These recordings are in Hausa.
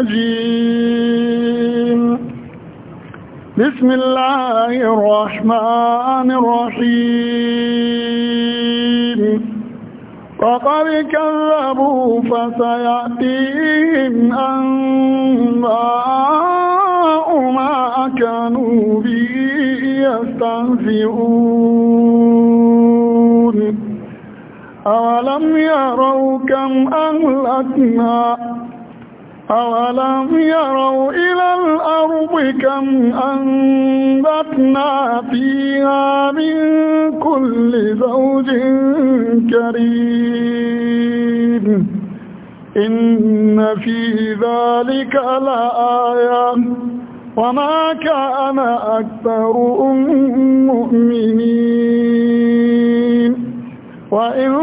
الرجيم بسم الله الرحمن الرحيم وقد كذبوا فسيأتيهم أنباء ما كانوا به يستهزئون أولم يروا كم أهلكنا أولم يروا إلى الأرض كم أنبتنا فيها من كل زوج كريم إن في ذلك لآية وما كان أكثرهم مؤمنين وإن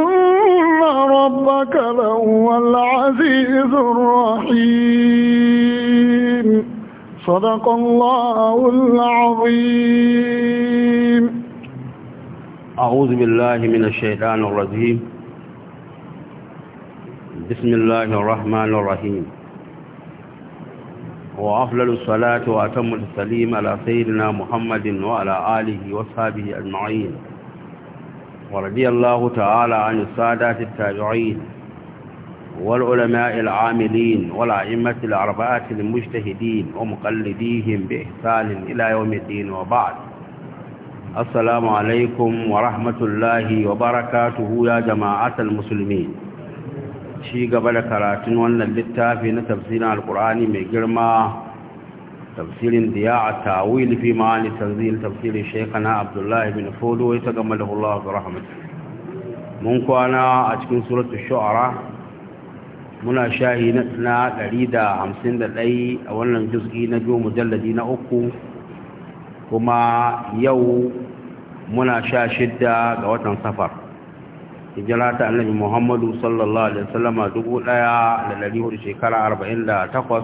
ربك لهو العزيز الرحيم صدق الله العظيم أعوذ بالله من الشيطان الرجيم بسم الله الرحمن الرحيم وأفضل الصلاة وأتم التسليم على سيدنا محمد وعلى آله وصحبه أجمعين ورضي الله تعالى عن السادات التابعين والعلماء العاملين والأئمة الأربعة المجتهدين ومقلديهم بإحسان إلى يوم الدين وبعد السلام عليكم ورحمة الله وبركاته يا جماعة المسلمين شيء قبل كراتين وأن اللتافين تفسير القرآن من جرمه tafsirin da ya a tawil fi ma'ani tanzil tafsirin shekana abdullahi bin fodo ta gama da Allah wa mun kwana a cikin suratun shu'ara muna shahi na tsina 151 a wannan juzgi na biyu mujalladi na uku kuma yau muna sha shidda ga watan safar hijira ta annabi muhammadu sallallahu alaihi dubu daya da dari hudu shekara arba'in da takwas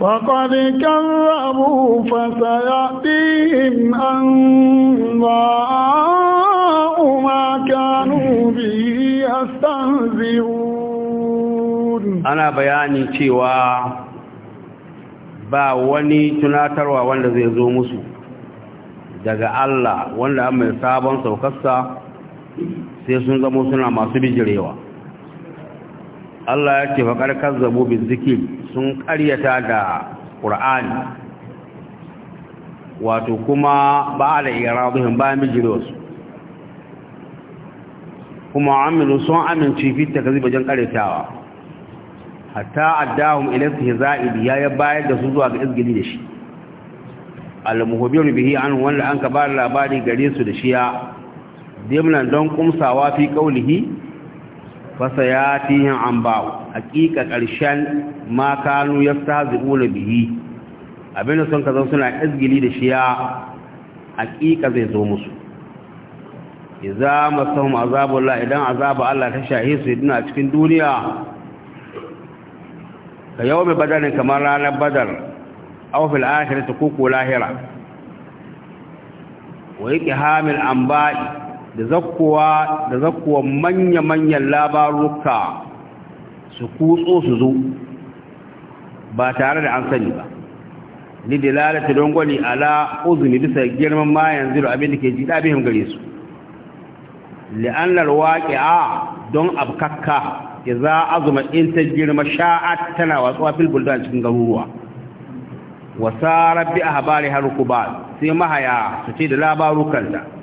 فقد كذبوا فسيأتيهم أنباء ما كانوا به يستهزئون أنا بياني تيوا ba wani tunatarwa wanda zai zo musu daga Allah wanda an mai sabon saukarsa sai sun zama suna masu bijirewa Allah ya ce faƙar kazzabu bin zikir sun ƙaryata da ƙur'ani wato kuma ba da iya iraduhin ba wasu. kuma aminu sun amince fi ka zibajen ƙaryatawa hatta addahum ila istihza'i ya ya bayar da su zuwa ga izgili da shi al-muhbiru bihi an wanda an ka ba labari gare su da shiya dimlan don kumsawa fi qaulihi fasa ya tihin an ba'u hakika ƙarshen ma kanu ya sa zuɓula bihi abinda sun ka suna izgili da shiya hakika zai zo musu iza masahum azabullah idan azaba Allah ta shahe su idina cikin duniya ka yau mai kamar ranar badar aw fil akhirati lahira wa yake hamil anba'i da zakkowa da zakkowa manya-manyan labaruka su kutso su zo ba tare da an sani ba lalata don gwani ala uzuni bisa girman ma yanzu da abin da ke da bihin gare su li'annar waƙi'a don abkakka ya za azuma in ta girma sha'at tana watsuwa fil buldan cikin garuruwa wasa rabbi a habari har ku ba sai mahaya su ce da labarukanta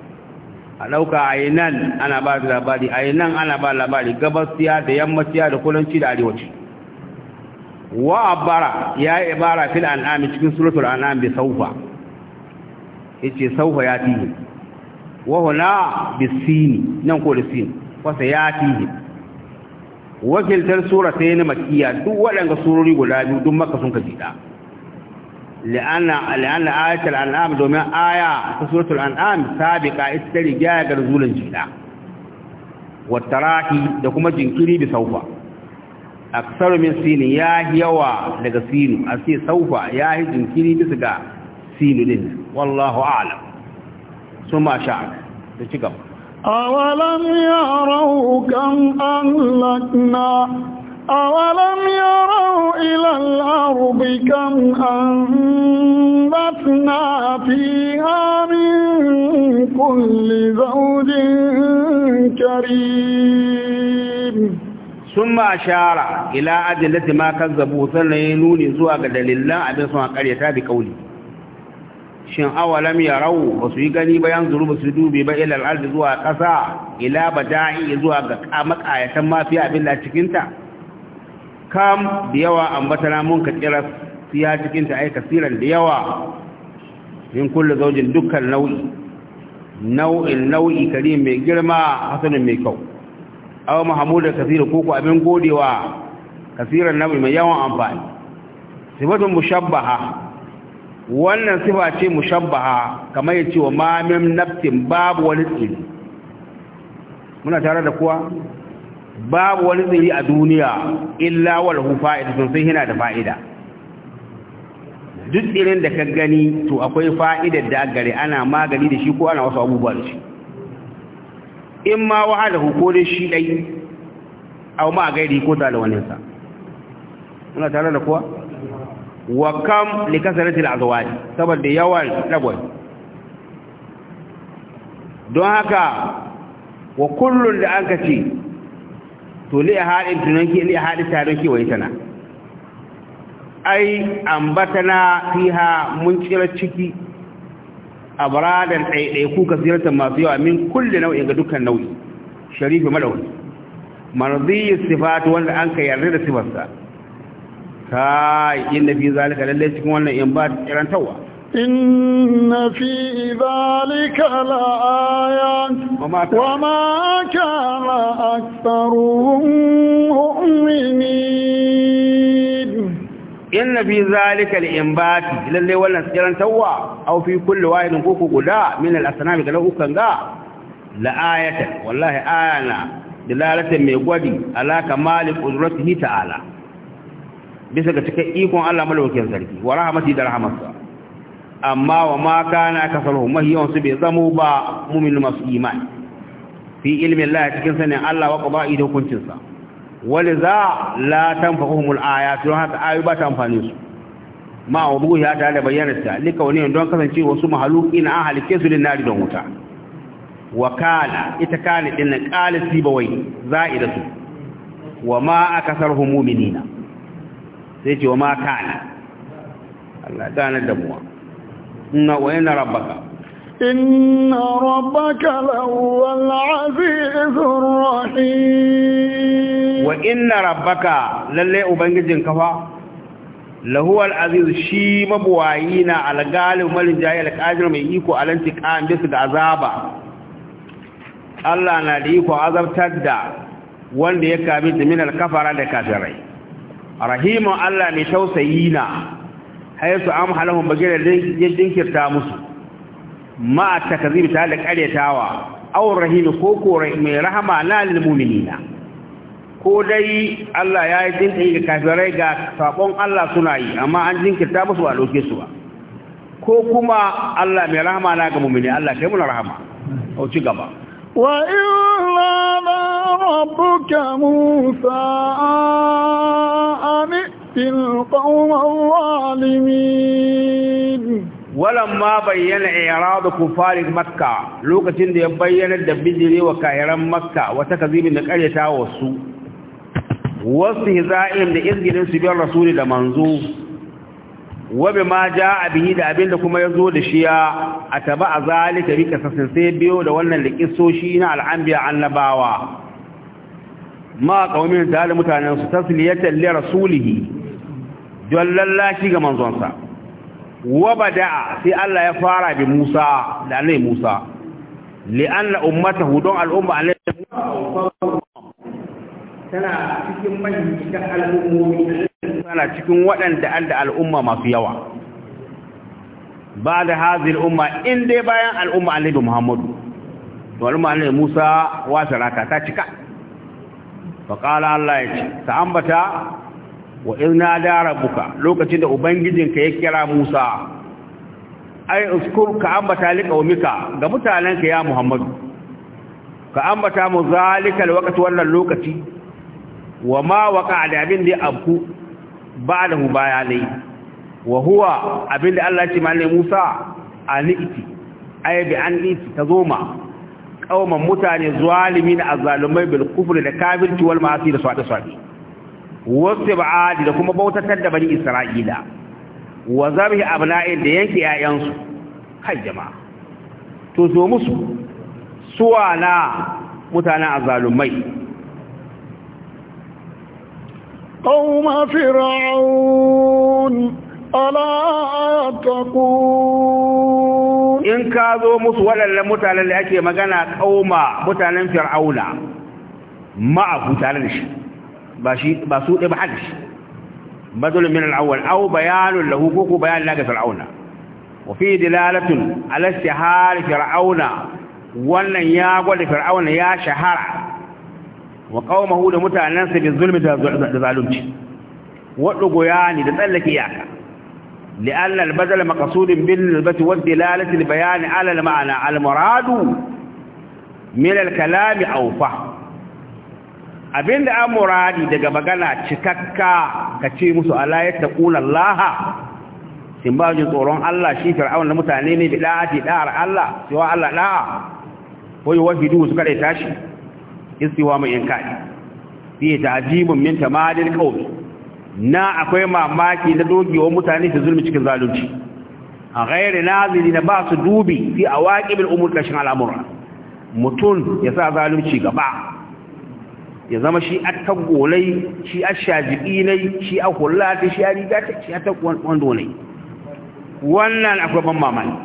a ɗauka a yi nan ana ba da labari a yi nan ana ba labari gabasiya da yammasiya da kulanci da arewaci wa abara ya yi ibara fil an'ami cikin suratul an'am bi saufa ce saufa ya tihi wa huna bi sini nan ko da sini wasa ya tihi wakiltar na makiya duk waɗanda surori guda biyu duk maka sun ka jiɗa li'anna ayatul an'am domin aya ta suratul an'am sabiqa ita ta riga ga rasulun jida wattarahi da kuma jinkiri bi saufa aksaru min sini ya yawa daga sinu a ce saufa ya yi jinkiri bisa ga sinu din wallahu a'lam suma ma sha da ci gaba awalam yarau kan ahlakna أولم يروا إلى الأرض كم أنبتنا فيها من كل زوج كريم ثم أشار إلى التي ما كذبوا سنينون زواج لله أبن سمع قريتا بقولي shin awalam ya rau ba su yi gani bayan yan zuru ba su dubi ba ilal ardi zuwa ƙasa ila bada'i zuwa ga makayatan mafiya abin da cikinta kam da yawa ambatana mun ka kira siya cikin ta ai kasiran da yawa min kullu zaujin dukkan nau'i nau'in nau'i karim mai girma hasanin mai kau aw mahmudu kasiru koko abin godewa kasiran nau'i mai yawan amfani sifatun mushabbaha wannan sifa ce mushabbaha kamar yace wa mamin naftin nafsin babu wani tsiri muna tare da kuwa babu wani tsiri a duniya illa walhu sun sai yana da fa'ida duk tsirin da ka gani to akwai fa'idar da gare ana magani da shi ko ana wasu abubuwa da shi in ma wahala ko da shi ɗai au ma gairi ko da waninsa muna tare da kuwa wa kam li al azwaj saboda yawan dagwai don haka wa kullun da an kace to li ahadin tunanki li ahadin taronki wa itana ai ambatana fiha mun cira ciki abradan ɗaiɗaiku kasiratan masu yawa min kulle nau'i ga dukkan nau'i sharifi madawi marziyi sifatu wanda an ka yarda da sifarsa kai inda fi zalika lalle cikin wannan in ba tirantawa إن في ذلك لآيات وما كان أكثرهم مؤمنين إن في ذلك الإنبات إلى اللي ولا سجلان توا أو في كل واحد كوكو قداء من الأسنام كله كنغا لآية والله آية دلالة ميقودي على كمال قدرته تعالى bisa ga cikin ikon Allah malawakin sarki wa rahmati da rahmatsa amma wa ma kana kasaruhum mahiyan su bai zamo ba mu'min masu imani fi ilmin Allah cikin sanin Allah wa qada'i da hukuncin Wani za la tamfa tanfa'uhum al-ayat don haka ayu ba ta amfani su ma wuduhi ta da bayyana ta lika wani don kasance wasu mahalukin an halike su din nari don wuta wakala ita kana din na qalisi bawai za'idatu wa ma a akasaruhum mu'minina sai ce wa ma kana Allah gane muwa. na wayan rabbaka inna rabbaka lawal azizur rahim wa inna rabbaka lalle ubangijin kafa lahuwal aziz shi mabuwayi na algalib malin mai iko alantiqam bisu da azaba Allah na da iko azabtar da wanda ya kabi da kafara alkafara da kafirai rahimu Allah ne tausayi na haisu am halahun bagirar ya dinkirta musu ma takazibi ta da karyatawa aw rahimi ko kore mai rahama na muminina. ko dai Allah ya yi din da kafirai ga sabon Allah suna yi amma an dinkirta musu a doke su ba ko kuma Allah mai rahama na ga mumini Allah kai mu rahama au ci gaba wa illa rabbuka musa amin القوم الظالمين ولما بين إعراض كفار مكة لوكتين دي بيّن الدبجري Makka, مكة وتكذيب نكاليتا وسو واستهزائهم لإذن سبيل الرسول لمنزو وبما جاء به da abin da kuma yazo da shiya ataba azalika bika sai biyo da wannan likisoshi na al'anbiya annabawa ma qaumin da mutanen su tasliyatan li rasulihi don lallashi ga manzonsa wa da'a sai Allah ya fara bi Musa da Allah Musa li'anna ummatahu don al'umma Allah tana cikin mahimmancin al'ummomi tana cikin waɗanda an al'umma masu yawa ba da hazin umma in dai bayan al'umma annabi Muhammadu to al'umma annabi Musa wa saraka ta cika fa Allah ya ce ta ambata wa irna da rabbuka lokacin da ubangijinka ya kira Musa ai uskur ka ambata liqaumika ga mutananka ya Muhammadu ka ambata mu zalika alwaqt wannan lokaci wa ma waqa da abin da abku ba'dahu bayanai wa huwa abin da Allah ya ce Musa aniti ai bi ta tazoma kauman mutane zalimin azalumai bil kufri da kafirci wal ma'asi da sadi sadi wasu da kuma bautatar da bani isra'ila wa zabi abna'i da yanke ‘ya'yansu kai jama'a to zo musu suwa na mutanen azalumai ƙauma fir'aun ala taqun in ka zo musu waɗannan mutanen da ake magana ƙauma mutanen fir'auna ma'a mutanen shi ba su ɗaya ba haɗa shi badul min al'awwal aw bayanun lahu ko ko bayan laga fir'auna wa fi dilalatun ala istihar fir'auna wannan ya gwada fir'auna ya shahara wa qaumahu da mutanansa bi zulmi da zalunci wa duguyani da tsallake iyaka لأن البدل مقصود بالنسبة والدلالة البيان على المعنى المراد من الكلام أو فهم da an muradi daga magana cikakka ka ce musu ala ya taqula Laha, sin ba jin tsoron Allah shi fir'aun da mutane ne da da'ati ɗara Allah cewa Allah da'a ko duhu su kada tashi wa mai kaɗi fi ta'jibun min tamadil kawai na akwai mamaki na dogewa mutane su zulmi cikin zalunci a ghairi nazili na ba su dubi fi awaqibil umur ƙashin al'amura Mutum ya sa zalunci gaba ya zama shi a tagolai shi a shaji'inai shi a ta shi a ta shi a tagwandonai wannan akwai ban mamani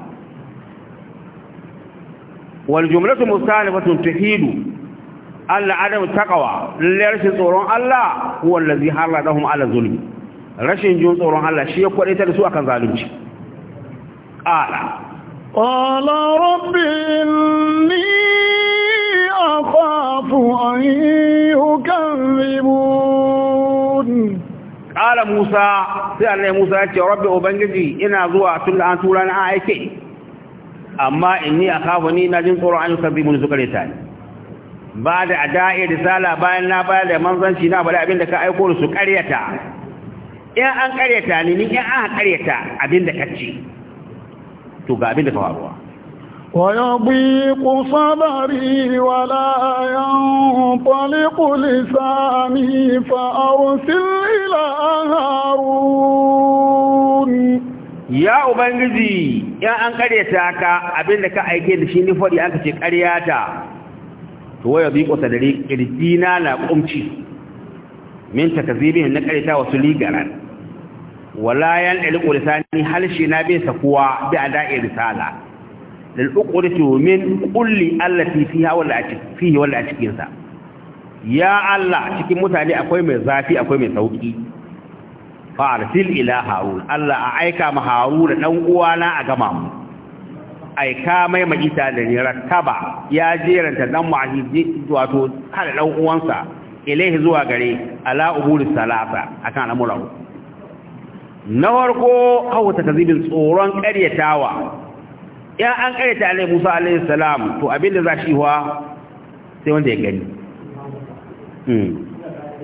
wal jumlatu mustanifatun tuhidu alla adam takawa lalle rashin tsoron Allah har da kuma ala zulmi rashin jin tsoron Allah shi ya ta da su akan zalunci ƙala ƙala rabbi ni. أن يكذبون قال موسى سأل موسى يا رب أبنجي إنا زوا تلا أن تلا آيكي أما إني أخافني نجم قرآن يكذبون سكريتان بعد أداء رسالة لا بيننا لا منظر شنا بلا أبين لك أيقول سكريتا إن أن كريتا لني إن أن كريتا أبين لك أتشي تقابل فهو ويضيق صدري ولا ينطلق لساني فأرسل إلى هارون ya ubangiji in an karyata ka abinda ka aike da shi ni fadi aka ce karyata to waya bi ko sadari na kumci min takazibin na karyata wasu ligaran wala yan dalil lisani halshi na bai sakuwa bi ada risala lil uqdati min kulli Allah fiha wala wanda a cikinsa. ya Allah cikin mutane akwai mai zafi akwai mai sauki fa arsil ila harun Allah a aika ma da dan uwana a gama mu aika mai majita da rattaba ya jeranta dan mu'ahidi wato har dan uwansa ilaihi zuwa gare ala uburi salasa akan al'amuran na farko hauta kazibin tsoron ƙaryatawa ya an karyata alai musa alaihi salam to abinda za shi wa sai wanda ya gani hmm.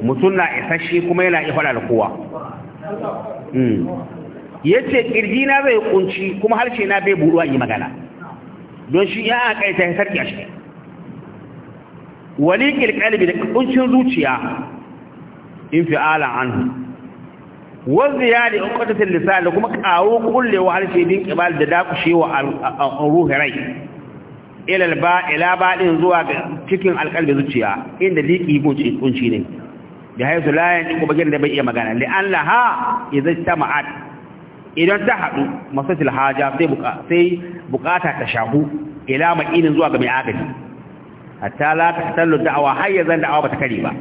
mutum na isasshe kuma yana ihwala da kowa hmm. ya ce ƙirji na zai kunci kuma harshe na bai buruwa yi magana don shi ya an karyata ya sarki a shi wani ƙirƙalibi da ƙuncin zuciya in fi'ala anhu ya da kwatatin lisan da kuma ƙaro kullewa harshe bin ƙibar da dakushewa a ruhi rai ilal ba ila baɗin zuwa cikin alƙalbi zuciya inda liƙi kunci kunci ne da haisu layan ɗin kuma da bai iya magana da an laha idan ta ma'ad idan ta haɗu masasil haja sai bukata ta shahu ila ma'inin zuwa ga mai agaji hatta la ta tallu da'awa har yanzu zan da'awa ba ta kare ba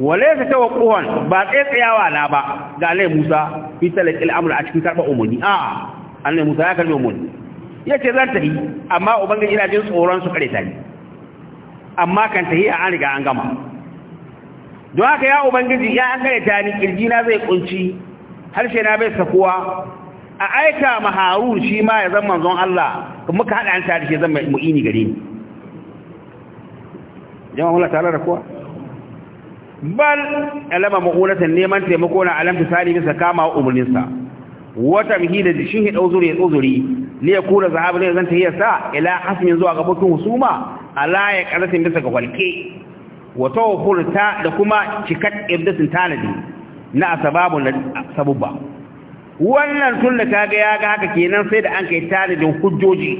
walaysa tawaqquhan ba kai tsayawa na ba ga lai Musa fi talaqil amr a cikin karba umuni a annai Musa ya karbi umuni yace zan tafi amma ubangiji ina jin tsoron su kare ta ni amma kan tafi a an riga an gama don haka ya ubangiji ya an kare ta ni kirji na zai kunci harshe na bai sakuwa a aika ma Harun shi ma ya zama manzon Allah kuma ka hada an tare shi zama mu'ini gare ni jama'a Allah ta'ala da kowa bal alama maqulatan neman taimako na alam tisali bisa kama umurnin sa wata bihi da shi hi uzuri uzuri ne ya kula zahabu ne zan tahiyar sa ila hasmin zuwa ga bukin husuma ala ya karatin bisa ga walke wa tawfurta da kuma cikat ibdatin tanadi na na sabubba wannan tun kaga ya ga haka kenan sai da an kai tanadin hujjoji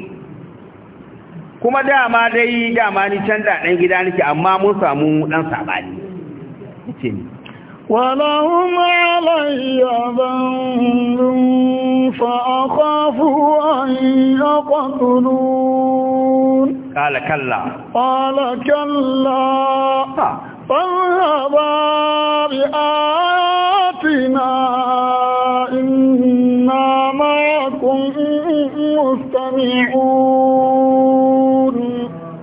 kuma dama dai dama ni canza dan gida nake amma mun samu dan sabani ce ولهم علي ذنب فأخاف أن يقتلون قال كلا قال كلا آه. فاذهبا بآياتنا إنا معكم مستمعون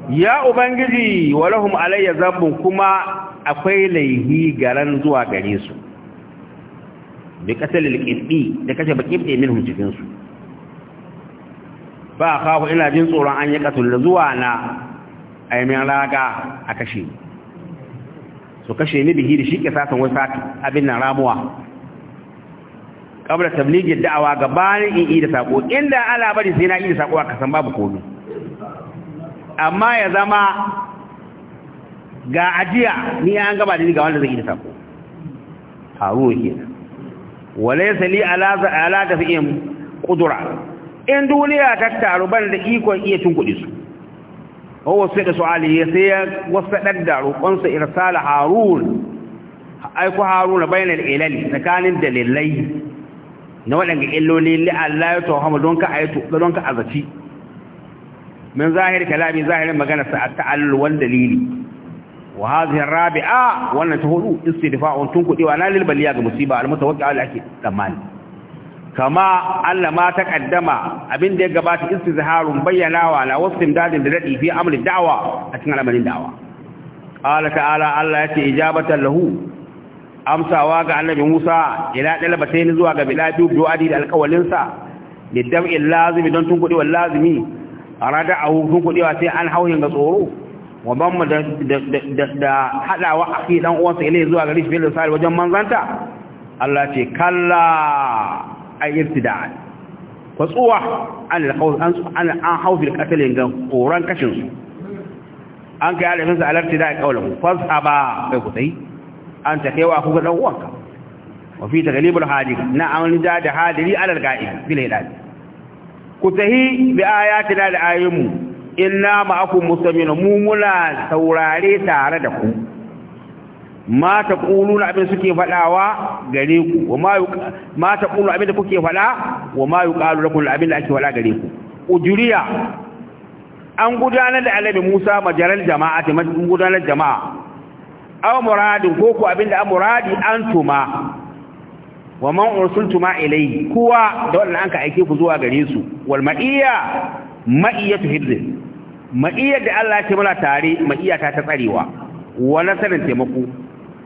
يا ubangiji ولهم علي ذنب كما akwai laihi garan zuwa gare su bi katalil qibbi da kashe baqibbi minhum cikin su ba kawo ina jin tsoron an yi katul zuwa na aimin raga a kashe su kashe ni bihi da shi ke sasan wasa abin nan ramuwa kabla tabligi da'awa gabanin in yi da sako inda ala bari sai na yi da sako a kasan babu komai amma ya zama ga ajiya ni an gaba da ni ga wanda zai yi sako haru ke walaysa li ala fi fi'in kudura in duniya ta taru ban da iko iya tun kuɗi su wasu sai da su'ali sai ya dan da sa irsal harun aiku harun bayan ilali tsakanin dalilai na waɗanda illoli li Allah ya tawhama don ka ayatu don ka azaci min zahir kalami zahirin magana sa ta'allul wal dalili wa hadhihi rabi'a wannan ta hudu istidfa'un tunkudewa lalil baliya ga musiba almutawaqqi'a alaki tsammani kama Allah ma ta kaddama abin da ya gabata istizharun bayyanawa la wasim dadin da dadi fi amri da'wa a cikin al'amarin da'wa qala ta'ala Allah yace ijabatan lahu amsawa ga annabi Musa ila dalbatayn zuwa ga biladu du'adi da alƙawalin sa lidam'il lazimi don tunkudewa lazimi arada a hukun kudewa sai an hauhin ga tsoro wa ban mu da haɗawa a fi ɗan uwansa ilai zuwa gari shi da sa'ar wajen manzanta Allah ce kalla a irtida kwatsuwa an haufin katalin ga ƙoron kashinsu an kai alifinsa alartida a ƙaunar kwas a ba kai kutai an ta kaiwa kuka ɗan uwanka wafi ta galibar hadiri na amalin da hadiri alar ga'i filai ɗaɗi kutahi bi ayatina da ayyunmu inna ma'akum mustamina mu muna saurare tare da ku ma ta quluna abin suke fadawa gare ku wa ma ta qulu abin da kuke fada wa ma yuqalu lakum abin da ake fada gare ku ujuriya an gudanar da alabi Musa majaral jama'a ta gudanar jama'a aw muradin ko ku abin da muradi antuma wa man ursultuma ilayhi kuwa da wannan an ka aike ku zuwa gare su wal ma'iyya ma'iyatu hidd ma'iyar da Allah ce muna tare iya ta ta tsarewa wa nasarin taimako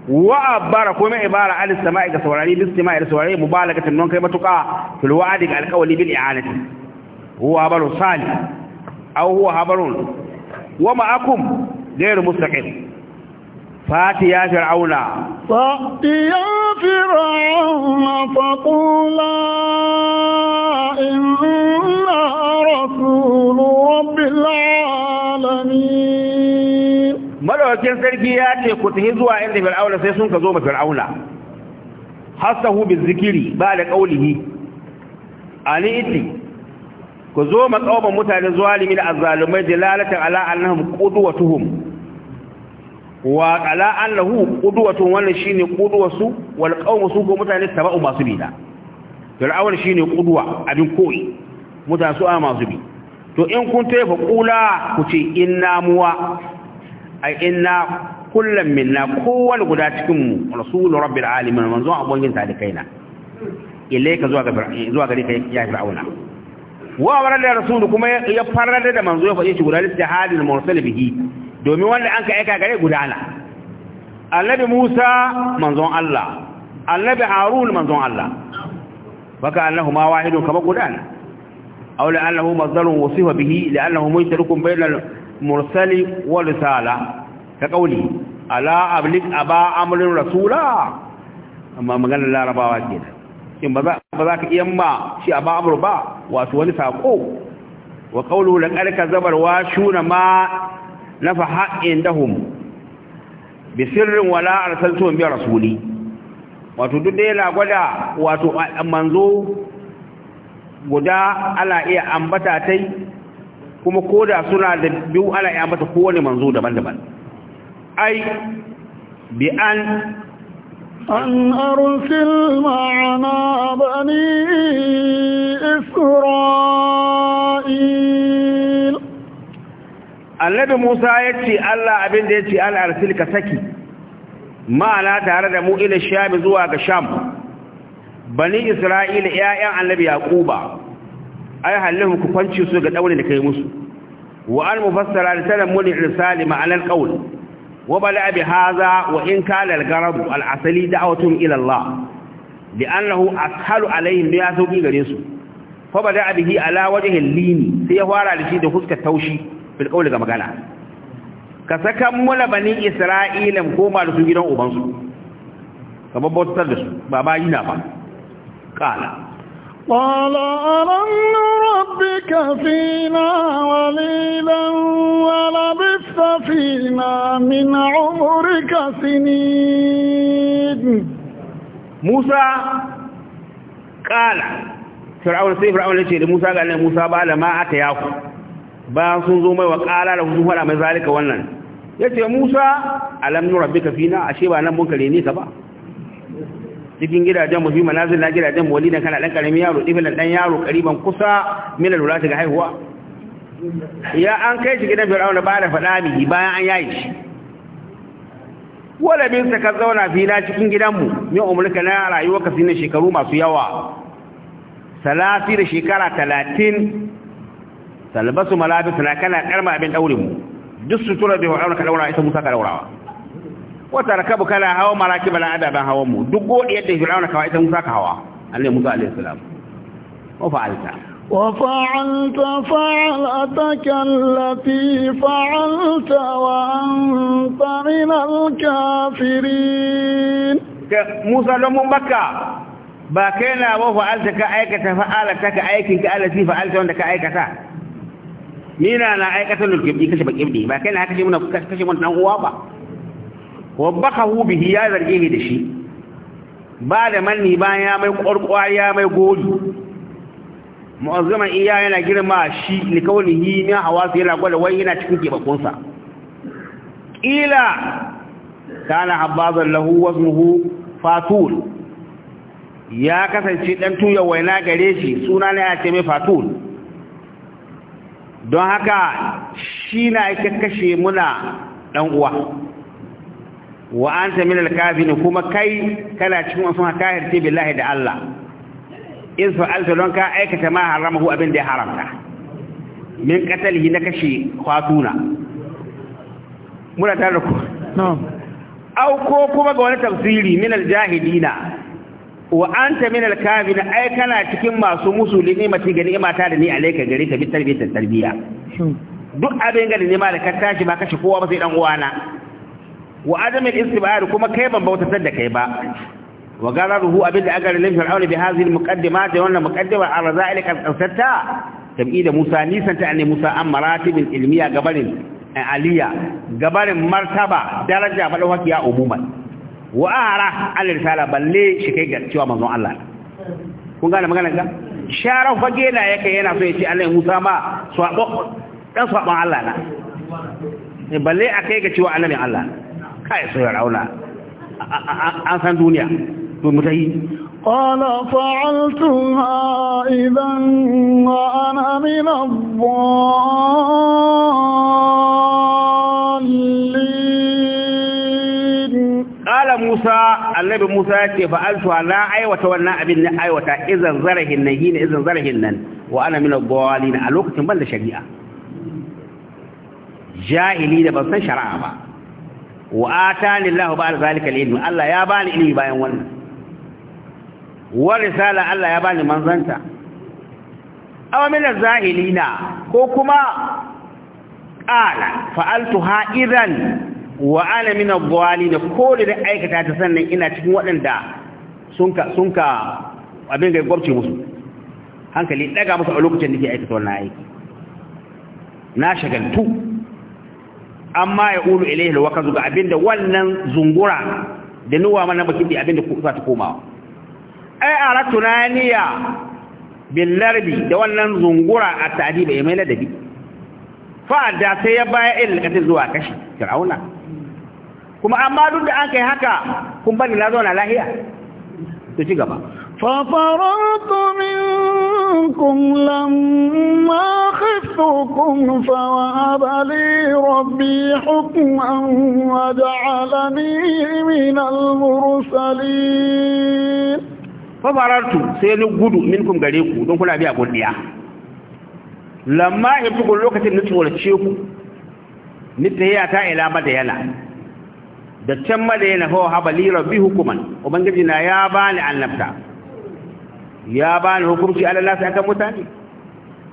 wa abara kuma ibara alis sama'i ga saurari bis sama'i da saurari mubalagatan non kai matuka fil wa'adi ga alqawli bil i'anati huwa habaru sali aw huwa habarun wa ma'akum ghayr mustaqim fati ya fir'auna fati ya fir'auna faqula inna rasulu rabbil alamin malakin sarki ya ce ku tafi zuwa inda fir'auna sai sun ka zo ba fir'auna hasahu zikiri ba da qaulihi ani iti ku zo ma tsoban mutanen zalimin azzalumai dalalatan ala annahum qudwatuhum wa qala annahu qudwatun wannan shine qudwasu wal qawmu su ko mutane tabau masu bi da shi ne qudwa abin koyi mutane su a masu bi to in kun taifa ƙula ku ce in namuwa! A ina kullum minna kowane guda cikin mu rasulun rabbil alamin manzon abongin ta da kaina ilaika zuwa ga zuwa gari ka ya fir'auna wa amara da rasul kuma ya farada da manzo ya faɗi shi guda listihadil mursal bihi domin wanda an ka aika gare gudana annabi Musa manzon Allah annabi Harun manzon Allah baka annahu ma wahidun kama gudana aw la annahu mazdarun wasifa bihi la annahu mushtarikun bayna mursali wa risala ka qawli ala ablik aba amrin rasula amma magana larabawa kenan in ba za ka iya ma shi a ba ba wato wani saƙo? wa kaulu la karka zabar wa shuna ma na faha indahum bi sirrin wala arsaltum bi rasuli wato duk da yana gwada wato manzo guda ala iya ambata tai kuma koda suna da biyu ala iya ambata kowane manzo daban-daban ai bi an أن أرسل معنا بني إسرائيل annabi musa ya ce allah abin da ya ce an ka saki ma'ana tare da mu ila zuwa ga sham bani isra'ila yayan annabi yaquba ai halahu ku kwanci su ga daure da kai musu wa 'an mufassara da talammu li irsali ma'anar al wa bala bi wa in kana al garab al asali da'watun ila allah li'annahu ashalu alaihim ya sauƙi gare su fa bada bihi ala wajhi lini sai ya fara da shi da fuskar taushi fil ga magana ka saka mula bani isra'ilan ko ba da su gidan ubansu ka babbautar da su ba ba yi na ba ƙala. Wala aran rabbika fina walilan wala bista fina min umurika sinin Musa ƙala, Fir'aun sai Fir'aun ya ce da Musa ga Allah Musa ba da lama aka yaku bayan sun zo mai wa ƙala da hudu faɗa mai zalika wannan ya ce musa alam nura ka fina ashe ba nan mun kare ne ba cikin gidajen mafi manazin na gidajen wani na kana ɗan ƙaramin yaro ɗifin ɗan yaro ƙariban kusa min lura ga haihuwa ya an kai shi gidan fir'auna ba da faɗa miki bayan an yayi shi wala bin ka zauna fina cikin gidanmu min umurka na rayuwa ka fi shekaru masu yawa salafi da shekara talatin talbasu malabisuna kana karma abin daure mu duk sutura da wa'auna ka daura ita musa ka daurawa wa tarakabu kana hawa maraki bala adaba hawa mu duk godiyar da fir'auna ka ita musa ka hawa annabi musa alayhi salam wa fa'alta wa fa'alta fa'alataka allati fa'alta wa anta minal kafirin musa lamun bakka ba kai wa fa'alta ka aikata fa'alata ka aikin ka allati fa'alta wanda ka aikata ni na na aikata lulkibdi kashe baki ne ba kai na kashe muna kashe mun dan uwa ba bakahu bihi ya zarge ni da shi ba da manni ba ya mai ya mai goli mu'azzama iya yana girma shi ni kawai yi min hawasu yana gwada wai yana cikin sa ƙila kana habbazan lahu wasmuhu fatul ya kasance dan tuya waina gare shi suna ne a ce mai fatul don haka shi na ita kashe muna ɗan uwa wa an ta minal kafin kuma kai kana cikin wasu hakahirce billahi da Allah in su fa'alta don ka aikata ma haramahu abin da ya haramta min katalihi na kashe kwatuna muna tare da ku Auko kuma ga wani tafsiri minal jahilina wa anta min al-kafir ai kana cikin masu musu ni'imati ga ni'imata da ni alaika gare ka bi tarbiyatar tarbiya hmm. duk abin ga ni'ima da ka tashi ba kashi kowa ba sai dan uwana wa adam al-istibhar kuma kai ban bautatar da kai ba wa gararuhu abin da agar lil fir'aun bi hadhihi al-muqaddimat wa anna muqaddima ar-raza'il qasata tabida musa nisan ta anni musa an maratibin ilmiya gabarin eh, aliya gabarin martaba daraja madawaki ya umuman wa ara an risala balle shi kai ga cewa manzon Allah kun gane magana ga sharan fage na yake yana so ya ce Allah Musa ma swabo dan swabon Allah na eh, balle akai ga cewa annabi Allah kai so ya rauna an san duniya to mutai قال فعلتها إذا وأنا من الضالين Musa annabi Musa ya ce fa'altu na aiwata wannan abin na aiwata izan zarahin nan hina izan zarahin nan wa ana min ad-dawalin a lokacin ban da shari'a jahili da ban san shari'a ba wa atani Allahu ba'da zalika al Allah ya bani ilimi bayan wannan wa risala Allah ya bani manzanta aw min az-zahilina ko kuma qala fa'altuha idan wa ana min da dhalin da aikata ta sannan ina cikin waɗanda sunka sunka abin ga gwabce musu hankali daga musu a lokacin da ke aikata wannan aiki na shagaltu amma ya ulu ilayhi wa kazu ga abinda wannan zungura da nuwa mana bakin da abinda ku za ta komawa ai aratu naniya bil larbi da wannan zungura a ta'diba ya mai ladabi fa da sai ya baya ilkatin zuwa kashi fir'auna kuma amma duk da an kai haka kun bani na zauna lahiya to ci gaba ففررت منكم لما خفتكم فوهب لي ربي حكما وجعلني من المرسلين ففررت سينقود منكم غريكم دون كنا بيا بوليا لما يبقوا لوكتين نتورشيكم نتهياتا إلى مدينة da can ma da yana hawa habali rabbi hukuman ubangiji na ya bani annabta ya bani hukunci ala nasi akan mutane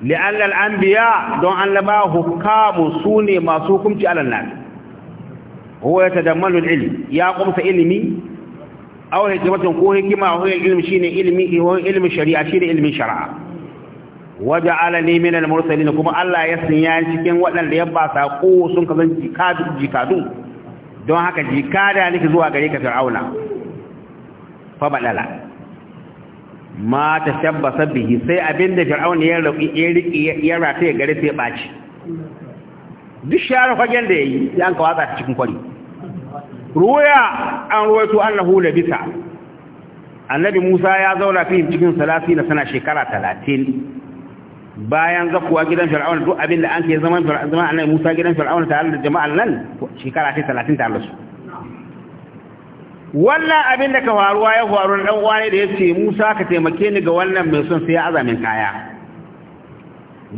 li'anna al-anbiya don annaba hukamu ne masu hukunci ala nasi huwa yatadammalu al-ilm ya qumsa ilmi aw hikmatun ko hikima huwa al-ilm shine ilmi huwa ilmi shari'a shine ilmi shar'a waja'alani min al-mursalin kuma Allah ya sanya cikin waɗanda ya ba sako sun kazanci kadu jikadu don haka jikada nake zuwa gare ka fir'auna fa badala ma ta shabbasa bihi sai abinda fir'auna ya roki ya riki ya rata ya gare sai baci duk share fagen da yayi ya ka watsa cikin kwari ruya an ruwaito annahu labisa annabi Musa ya zauna fi cikin salasi na sana shekara 30 bayan zakuwa gidan fir'auna duk abin da an ke zaman fir'auna Musa gidan fir'auna tare da jama'an nan shekara ta 30 ta Allah su wannan abin da ka faruwa ya faru na dan uwane da yace Musa ka taimake ni ga wannan mai son sai ya azamin kaya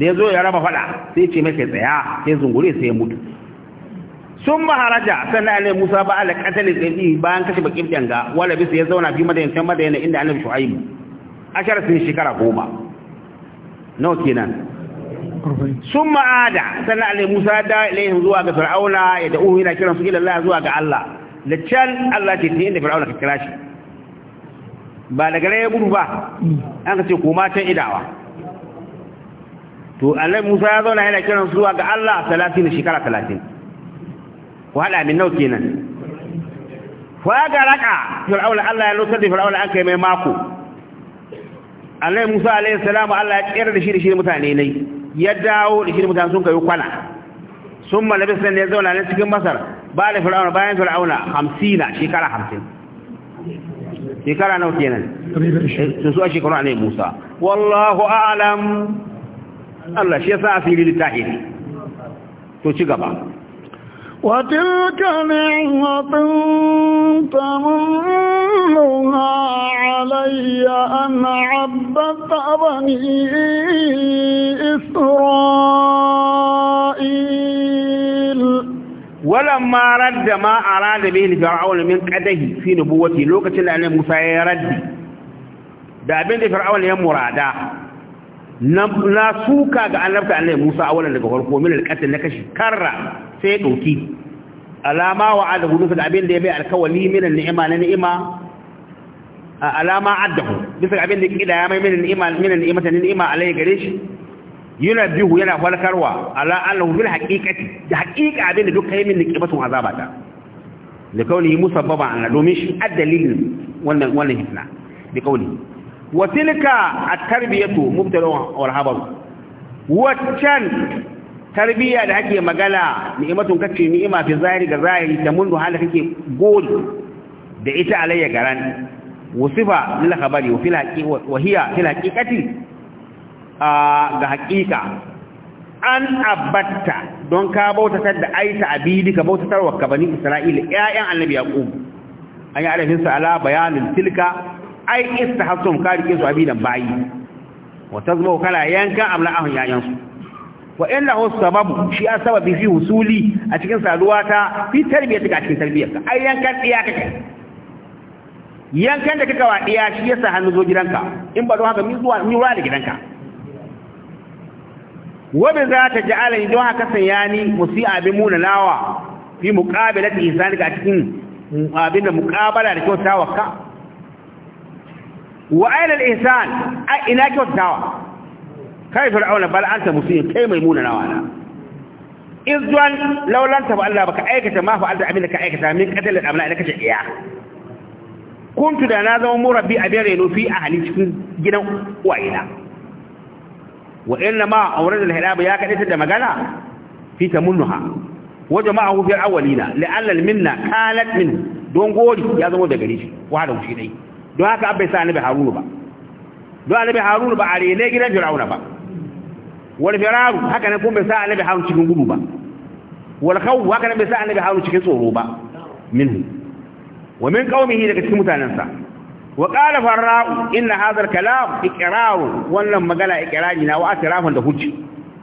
da yazo ya raba fada sai ce mai kai tsaya sai zungure sai ya mutu sun maharaja sannan annabi Musa ba ala qatalin tsayi bayan kashe bakin danga wala bisa ya zauna fi madayin can madayin inda annabi Shu'aibu ashar sun shekara goma nawa kenan sun ma'ada sannan alai musa da ilayhin zuwa ga fir'auna ya da'uhu yana kiran su ilallah zuwa ga allah da can allah ce ta inda fir'auna ka kira shi ba daga rai ya gudu ba an ka ce koma can idawa to alai musa ya zauna yana kiran su zuwa ga allah talatin da shekara talatin ku haɗa min nau kenan fa ga raka fir'auna allah ya lusar da fir'auna an kai mai mako annabi Musa alaihi salamu Allah ya kera da shi da shi mutane ne ya dawo da shi mutane sun kai kwana sun malabi sun ne zauna ne cikin Masar ba da Fir'auna bayan Fir'auna 50 shekara 50 shekara nawa kenan eh, sun so a shekaru annabi Musa wallahu a'lam Allah shi yasa asiri litahiri to ci gaba وتلك نعمة تمنها علي أن عبدت بني إسرائيل ولما رد ما أراد به فرعون من قده في نبوته لوكة الأنم موسى يرد ده بنت فرعون يا مرادا na suka ga annabta annabi Musa a wannan daga farko min alqatil na kashi karra sai dauki alama wa adahu bisa ga abin da ya bai alkawali min ni'ima na ni'ima alama addahu bisa ga abin da kida ya mai min ni'ima min ni'ima ta ni'ima alai gare shi yana bihu yana falkarwa ala annahu bil haqiqati da haqiqa abin da duka yi min niqibatun azabata da kauli musabbaban annabi domin shi adalilin wannan wannan hitna da kauli wa tilka at-tarbiyatu mubtada'un wa rahaban waccan tarbiya da hake magana ni'imatun kace ni'ima fi zahiri ga zahiri da mundu hala kake gol da ita alayya garan wasifa lil khabari wa fil haqiqi wa hiya fil haqiqati ga haqiqa an abatta don ka bautata da aita abidi ka bautatar wa bani isra'ila ƴaƴan annabi yaqub an yi alafinsa ala bayanin tilka ai istahasum ka rike su abidan bayi wa tazmu kala yanka amla ahun yayan su wa hu sababu shi a sababi fi husuli a cikin saduwa ta fi tarbiyyar ka cikin tarbiyyar ka ai yankan diya kake yankan da kake wa diya shi yasa hannu zo gidanka in ba don haka mi zuwa mi wala da wa bi za ta ja'ala ni don haka sanyani musi'a bi lawa fi muqabilati ihsanika cikin mm, abin da muqabala da kyautawa ka wa aina al ina kyautawa ka fir'auna bal anta musin kai mai muna nawa na izwan laulan ta Allah baka aikata ma fa'alta abin da ka aikata min qatl al-amla ina kace iya kuntu da na zama murabbi a bare no fi ahli cikin gidan uwayena wa inna ma awrad al-hilab ya kadaita da magana Fita tamunnuha wa jama'ahu fi al-awwalina la'alla al-minna qalat min don ya zama da gare shi wa da don haka abai sa bai harunu ba don bai harunu ba a rene gidan firawuna ba Wani firaru haka ne kuma bai sa bai harunu cikin gudu ba Wani khawf haka ne bai sa bai harunu cikin tsoro ba minhu wa min qaumihi daga cikin mutanensa. wa qala farra'u inna Hazar al-kalam iqraru wannan magana iqrari na wa da hujji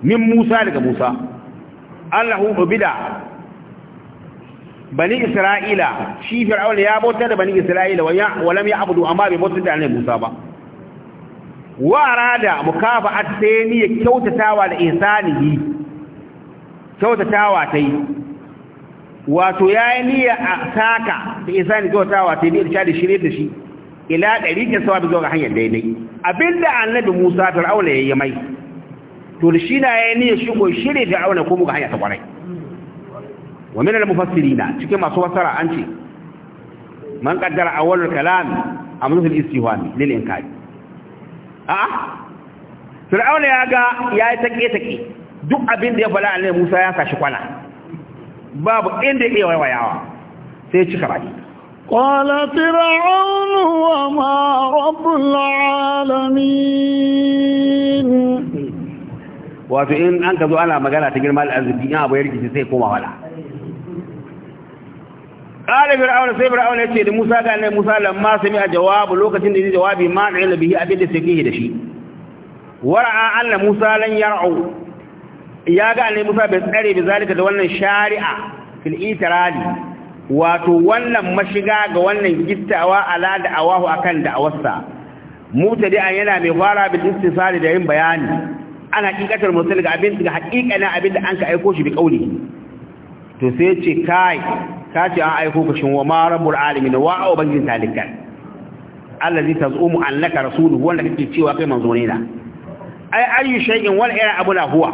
min Musa daga Musa Allahu ubida bani isra'ila shi fir'auna ya bautar da bani isra'ila wa ya ya'budu amma bai bautar da annabi Musa ba wa arada mukafa'at sayni ya kyautatawa da ihsanihi kyautatawa tai wato yayi niyya a saka da ihsani kyautatawa tai ne irshadi shirye da shi ila dariqin sawabi zuwa ga hanyar daidai abinda annabi Musa fir'auna yayi mai to shi na yayi niyya shi ko shirye da auna ko muka hanya ta kwarai wa min al-mufassirina cikin masu wasara an ce man qaddara awwal al-kalam amru al-istihwan lil inkari a'a fir'auna ya ga ya yi take take duk abin da ya fara annabi Musa ya kashi kwana babu inda yake wayawa sai cika baki qala fir'aun wa ma rabbul alamin wato in an ka zo ana magana ta girman arziki in abu ya rikice sai koma wala قال فرعون سي فرعون يتي da Musa ga annabi Musa lamma sami jawabu lokacin da yi jawabi ma da bihi abin da take da shi wara'a anna Musa lan yar'u ya ga Musa zalika da wannan shari'a fil itiradi wato wannan mashiga ga wannan gittawa ala da awahu akan da'awarsa mutadi an yana mai fara bil da yin bayani an hakikatar musul ga da hakika na abin da an aiko shi bi kauli to sai ce kai ka ce an aiko ka shin wa ma rabbul alamin wa ubangijin talikan allazi tazumu annaka rasuluhu wanda kake cewa kai manzo ne na ai ayu shay'in wal ira abu la huwa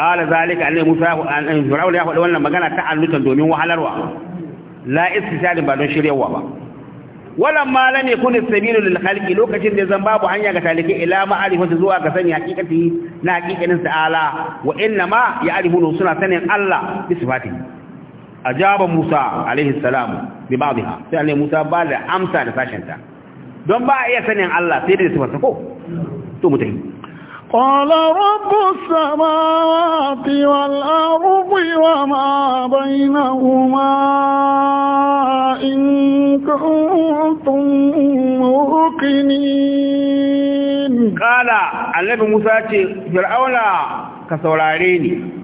qala zalika annabi musa an fir'aun ya faɗi wannan magana ta allutan domin wahalarwa la istisalin ba don shiryawa ba walamma lam yakun as-sabilu lil khalqi lokacin da zan babu hanya ga talike ila ma'rifati zuwa ga sani hakikati na hakikanin ta'ala wa inna ma ya'rifuna suna sanin Allah bi sifatihi ajaba Musa alaihi salam bi ba'dha sai Allah Musa ba da amsa da sashenta don ba iya sanin Allah sai da sifarsa ko to mutai قال رب السماوات والأرض وما بينهما إن كنتم موقنين قال النبي موسى فرعون كسولاريني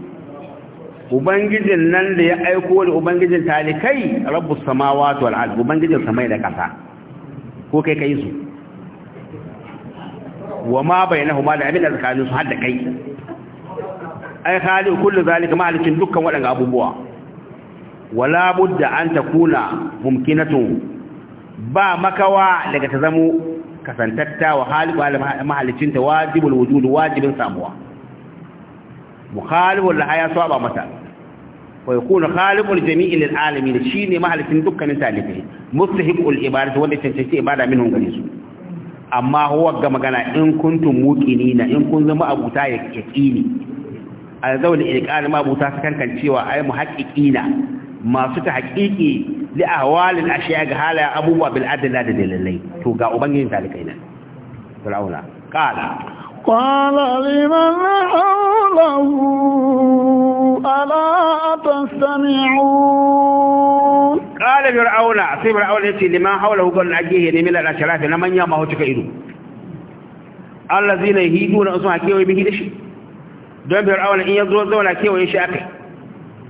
ubangijin nan da ya aiko da ubangijin talikai Rabu samawati wal ubangijin samai da kasa ko kai kai su wa ma bainahuma da abin da tsakanin su har da kai ai khali kullu zalika malikin dukkan waɗanda abubuwa wala budda an takuna mumkinatu ba makawa daga ta zamo kasantatta wa haliku mahalicinta wajibul wujudu, wajibin samuwa mukhalifun laha ya saba mata wa yakunu khaliqul jami'i lil alamin shine mahalicin dukkanin talibai mustahiqul ibadati wanda cancanci ibada min gare su amma ga magana in kuntum muqinina in kun zama abuta yaqini alzawul ilqal ma abuta kankan cewa ai muhaqqiqina masu ta haqiqi li ahwalil ashiya ga halayen abubuwa bil'adana da dalilai to ga ubangijin talikai nan fir'auna قال لمن حوله ألا تستمعون قال فرعون سي فرعون يتي لمن حوله قال أجيه من الأشراف لمن يما هو الذين يهيدون أسمع كيوي به دشي don fir'auna in ya zo zauna kewaye shi akai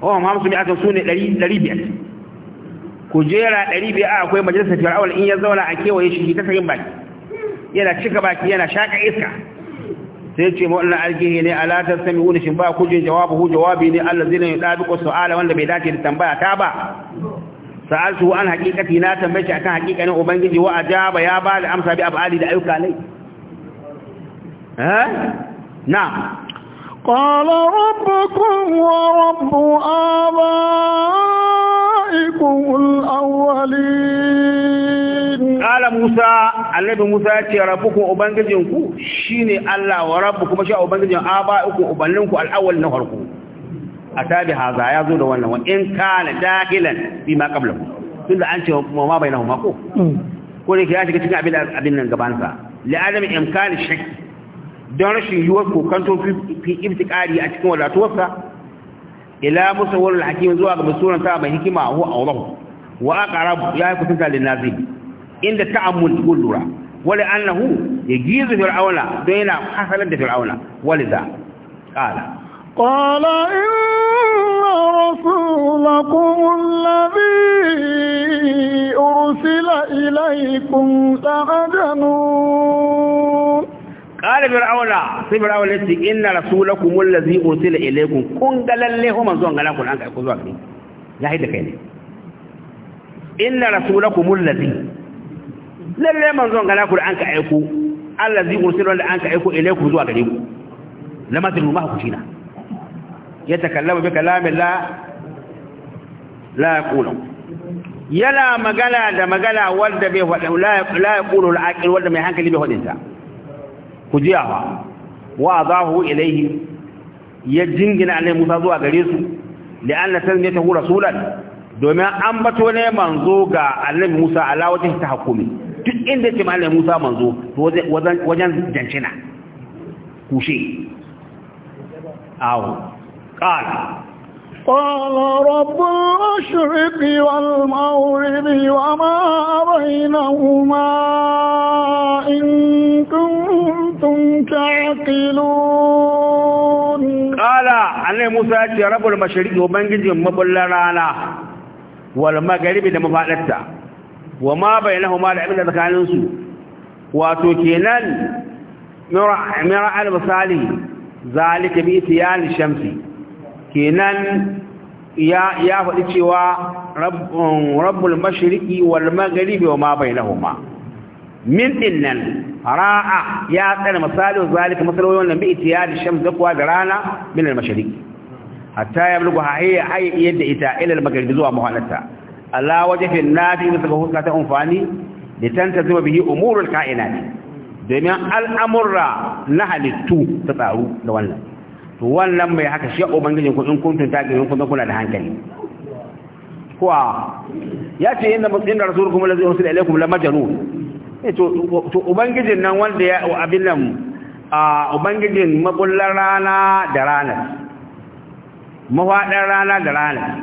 wawan hamsu mai aka su ne 500 kujera 500 a akwai majalisar fir'auna in ya zauna a kewaye shi ta sayin baki yana cika baki yana shaƙa iska sai ce mu Allah aljihi ne ala wuni shin ba kujin jawabu jawabi ne Allah allazina yudabiqu su'ala wanda bai dace da tambaya ta ba sa'altu an haƙiƙati na tambaye akan ne, ubangiji wa ajaba ya ba da amsa bi af'ali da ayyuka ne ha na قال ربكم ورب آبائكم awwalin Kala Musa, Annabi Musa ya ce rabbukum ubangijinku shine Allah wa rabbu kuma shi ubangijin abaiku ubanninku al-awwal na farko. Atabi haza ya zo da wannan wa in kana dahilan bima qablahu. Tunda an ce kuma ma bainahuma ko. Hmm. Ko ne ya shiga cikin abin abin nan gaban sa. Li adam imkan shak. Don rashin yuwar kokanto fi ibtikari a cikin wadatuwarsa ila musawwar al-hakim zuwa ga musuran ta mai hikima huwa awdahu wa aqrab ya kusanta lin nazib inda ta'ammul kullura wali annahu ya gizo fir'auna don yana hasalar da fir'auna waliza qala qala inna rasulakum alladhi ursila ilaykum ta'adanu Ƙala fir'auna sai fir'auna yace inna rasulakum allazi ursila ilaykum kun galalle ho manzon gala kun an kai ku zuwa kai yayi da kai ne inna rasulakum allazi lalle manzon gana ku da an ka aiko Allah zai ursilu da an ka aiko ilaiku zuwa gare ku lamatul mahkushina yatakallamu bi kalamin la la yaqulu yana magala da magala wanda bai faɗa la yaqulu al-aqil wanda mai hankali bai faɗinta ku jiya wa adahu ilayhi ya jingina alai Musa zuwa gare su da Allah tanziyatahu rasulan domin an bato ne manzo ga annabi Musa ala wata ta hukumi duk inda ce malam Musa manzo to wajen jancina kushe awo قال قال رب المشرق والمغرب وما بينهما إن كنتم تعقلون قال أن موسى رب المشرق وبنجد مبلرانا والمغرب لمفعلتا wa ma bainahuma da abin da tsakanin su wato kenan mira al-misali zalika bi itiyan shamsi kenan ya ya faɗi cewa um, rabbul mashriqi wal maghribi wa ma bainahuma min dinnan ra'a ya tsara misali zalika masalolin wannan bi itiyan shams da kuwa da rana min al-mashriqi hatta yablugu hayya hayya yadda ita ila al-maghribi zuwa muhallatta ala wajhin nafi bisa ga huska ta amfani da tantazuba bihi umurul kainat domin al'amurra na halittu ta tsaro da wannan to wannan mai haka shi ubangijin ku in kuntun ta gani kun kula da hankali Ko ya ce inda matsayin da rasulun kuma lazai wasu alaikum la majanun eh, to ubangijin nan wanda ya abin nan a ubangijin makullar rana da ranar mafaɗar rana da ranar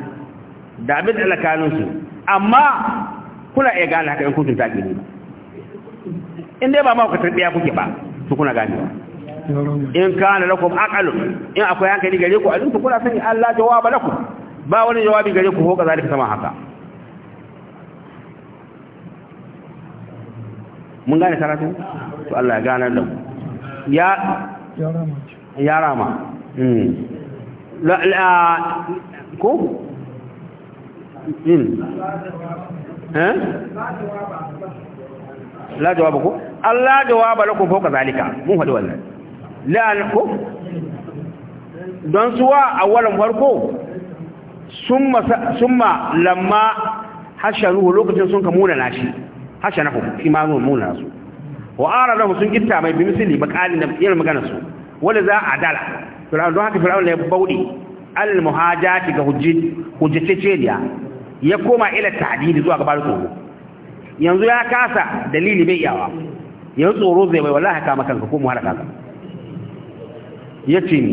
da abin da lakaninsu amma kuna iya gane haka in kuntun taƙi ne in dai ba ma ku tarbiya kuke ba su kuna gane ba in kana lakum aqalu in akwai ni gare ku alinku kuna sani Allah jawaba laku ba wani jawabi gare ku ko zalika sama haka mun gane karatu to Allah ya gane da ya ya rama mm la ko la jawaba ko Allah jawaba lakum fawqa zalika mun hadu wannan la alku don suwa awalan farko summa summa lamma hasharuhu lokacin sun kamuna nashi hashanahu imanu muna su wa aradahu sun gitta mai bi misali bakalin da irin magana su wala za adala fir'aun don haka fir'aun ne baudi al muhajati ga hujjit hujjateceniya ya koma ila ta'dili zuwa gabar tsoro yanzu ya kasa dalili bai yawa yanzu tsoro zai bai wallahi ka maka ko mu halaka ka yace ni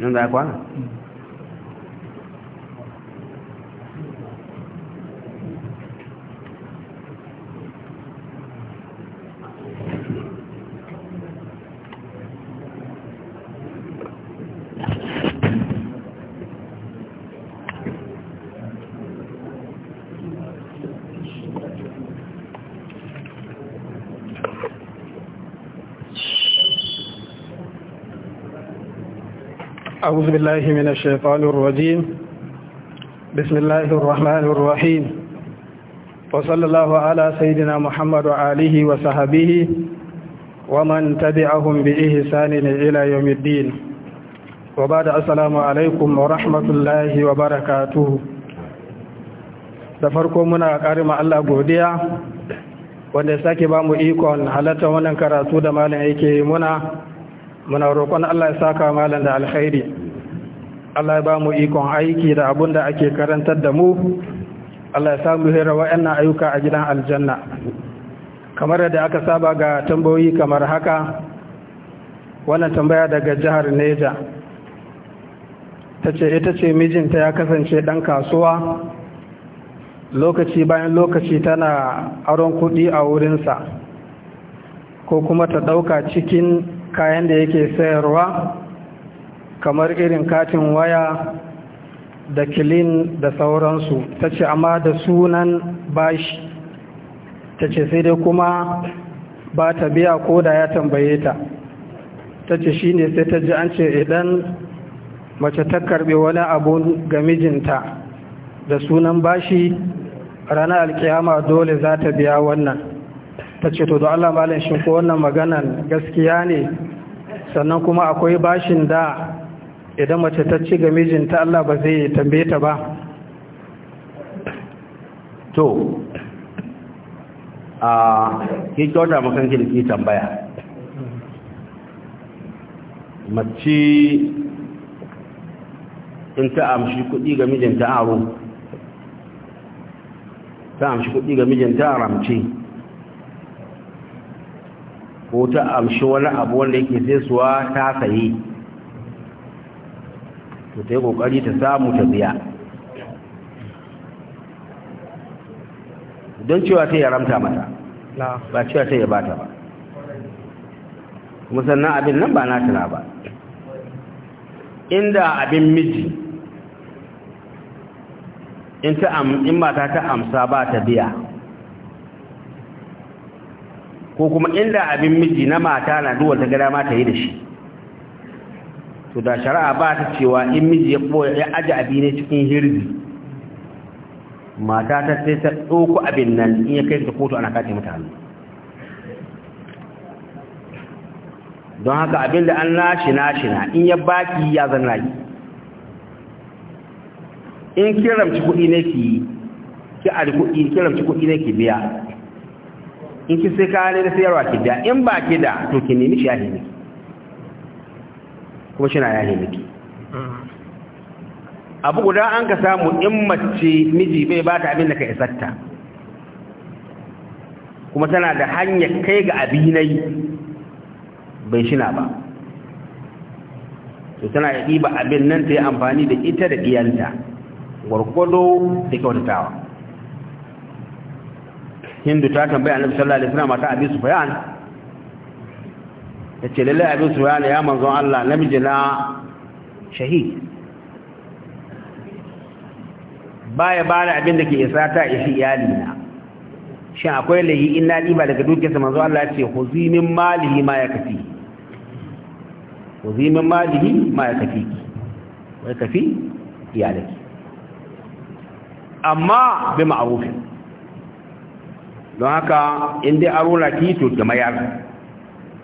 yanzu ya kwana أعوذ بالله من الشيطان الرجيم بسم الله الرحمن الرحيم وصلى الله على سيدنا محمد وآله وصحبه ومن تبعهم بإحسان إلى يوم الدين وبعد السلام عليكم ورحمة الله وبركاته da farko muna karima Allah godiya wanda ya sake ba mu ikon halatta wannan karatu da malam yake muna muna roƙon Allah ya saka malam da alkhairi Allah ya ba mu ikon aiki da abun da ake karantar da mu Allah ya samu hira wa'annan ayyuka a gidan aljanna kamar yadda aka saba ga tambayoyi kamar haka wannan tambaya daga jihar Neja ta ce ita ce mijinta ya kasance ɗan kasuwa lokaci bayan lokaci tana aron kuɗi a wurinsa ko kuma ta ɗauka cikin kayan da yake sayarwa kamar irin katin waya da kilin da sauransu ta ce amma da sunan bashi ta ce sai dai kuma ba ta biya ko da ya tambaye ta ta ce shi ne sai ta ji an ce idan mace ta karbe wani abu ga mijinta da sunan bashi ranar alkiyama dole za ta biya wannan ta ce to da Allah shi ko wannan maganan gaskiya ne sannan kuma akwai bashin da idan mace ta ci ga mijinta Allah ba zai tambaye ta ba to a yi kyauta makan kirki tambaya mace in ta amshi kudi ga mijinta aro ta amshi kudi ga mijinta aramce ko ta amshi wani abu wanda yake sai suwa ta sayi to ta yi kokari ta samu ta biya don cewa ta yi ramta mata ba cewa ta yi bata ba musamman abin nan ba na tana ba inda abin miji in mata ta amsa ba ta biya ko kuma inda abin miji na mata na duwata gada ma ta yi da shi to da shari'a ba ta cewa in miji ya koya ya aji abi ne cikin hirzi mata ta sai ta ɗauko abin nan in ya kai ta kotu ana kace mutane. don haka abin da an nashi nashi na in ya baki ya zana yi. in kiramci kuɗi ne ki ki ari kuɗi kiramci kuɗi ne ki biya in ki sai kayan da sayarwa ki biya in ba ki da to ki nemi shahi ne kuma shi na ya nemi mm. abu guda an ka samu in mace miji bai ba ta abin da ka isarta. kuma tana da hanyar kai ga abinai bai shina ba to tana da ɗiba abin nan ta yi amfani da ita da ɗiyanta gwargwado da kyautatawa hindu ta tambaya annabi sallallahu suna mata abin su bayan Da ce lallai abin su yana ya manzon Allah namiji na shahid baya ba da abin da ke isa ta ishi iyali na shin akwai lahi in na ba daga dukiyarsa manzon Allah ya ce huzimin malihi ma ya kafi huzimin malihi ma ya kafi Ya kafi iyalaki amma bi ma'rufin don haka in dai aruna ki to mayar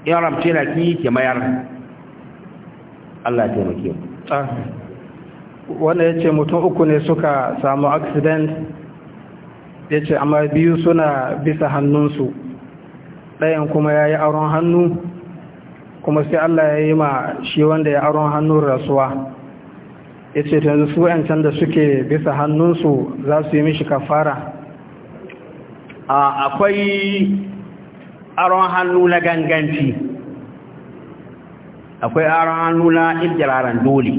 in ramce na ke mayar Allah ya taimake mu wanda ya ce mutum uku ne suka samu accident ya ce amma biyu suna bisa hannunsu ɗayan kuma ya yi auren hannu kuma sai Allah ya yi ma shi wanda ya auren hannun rasuwa ya ce yanzu su yancan da suke bisa hannunsu za su yi mishi kafara akwai aron hannu na ganganci akwai aron hannu na ibjiraran dole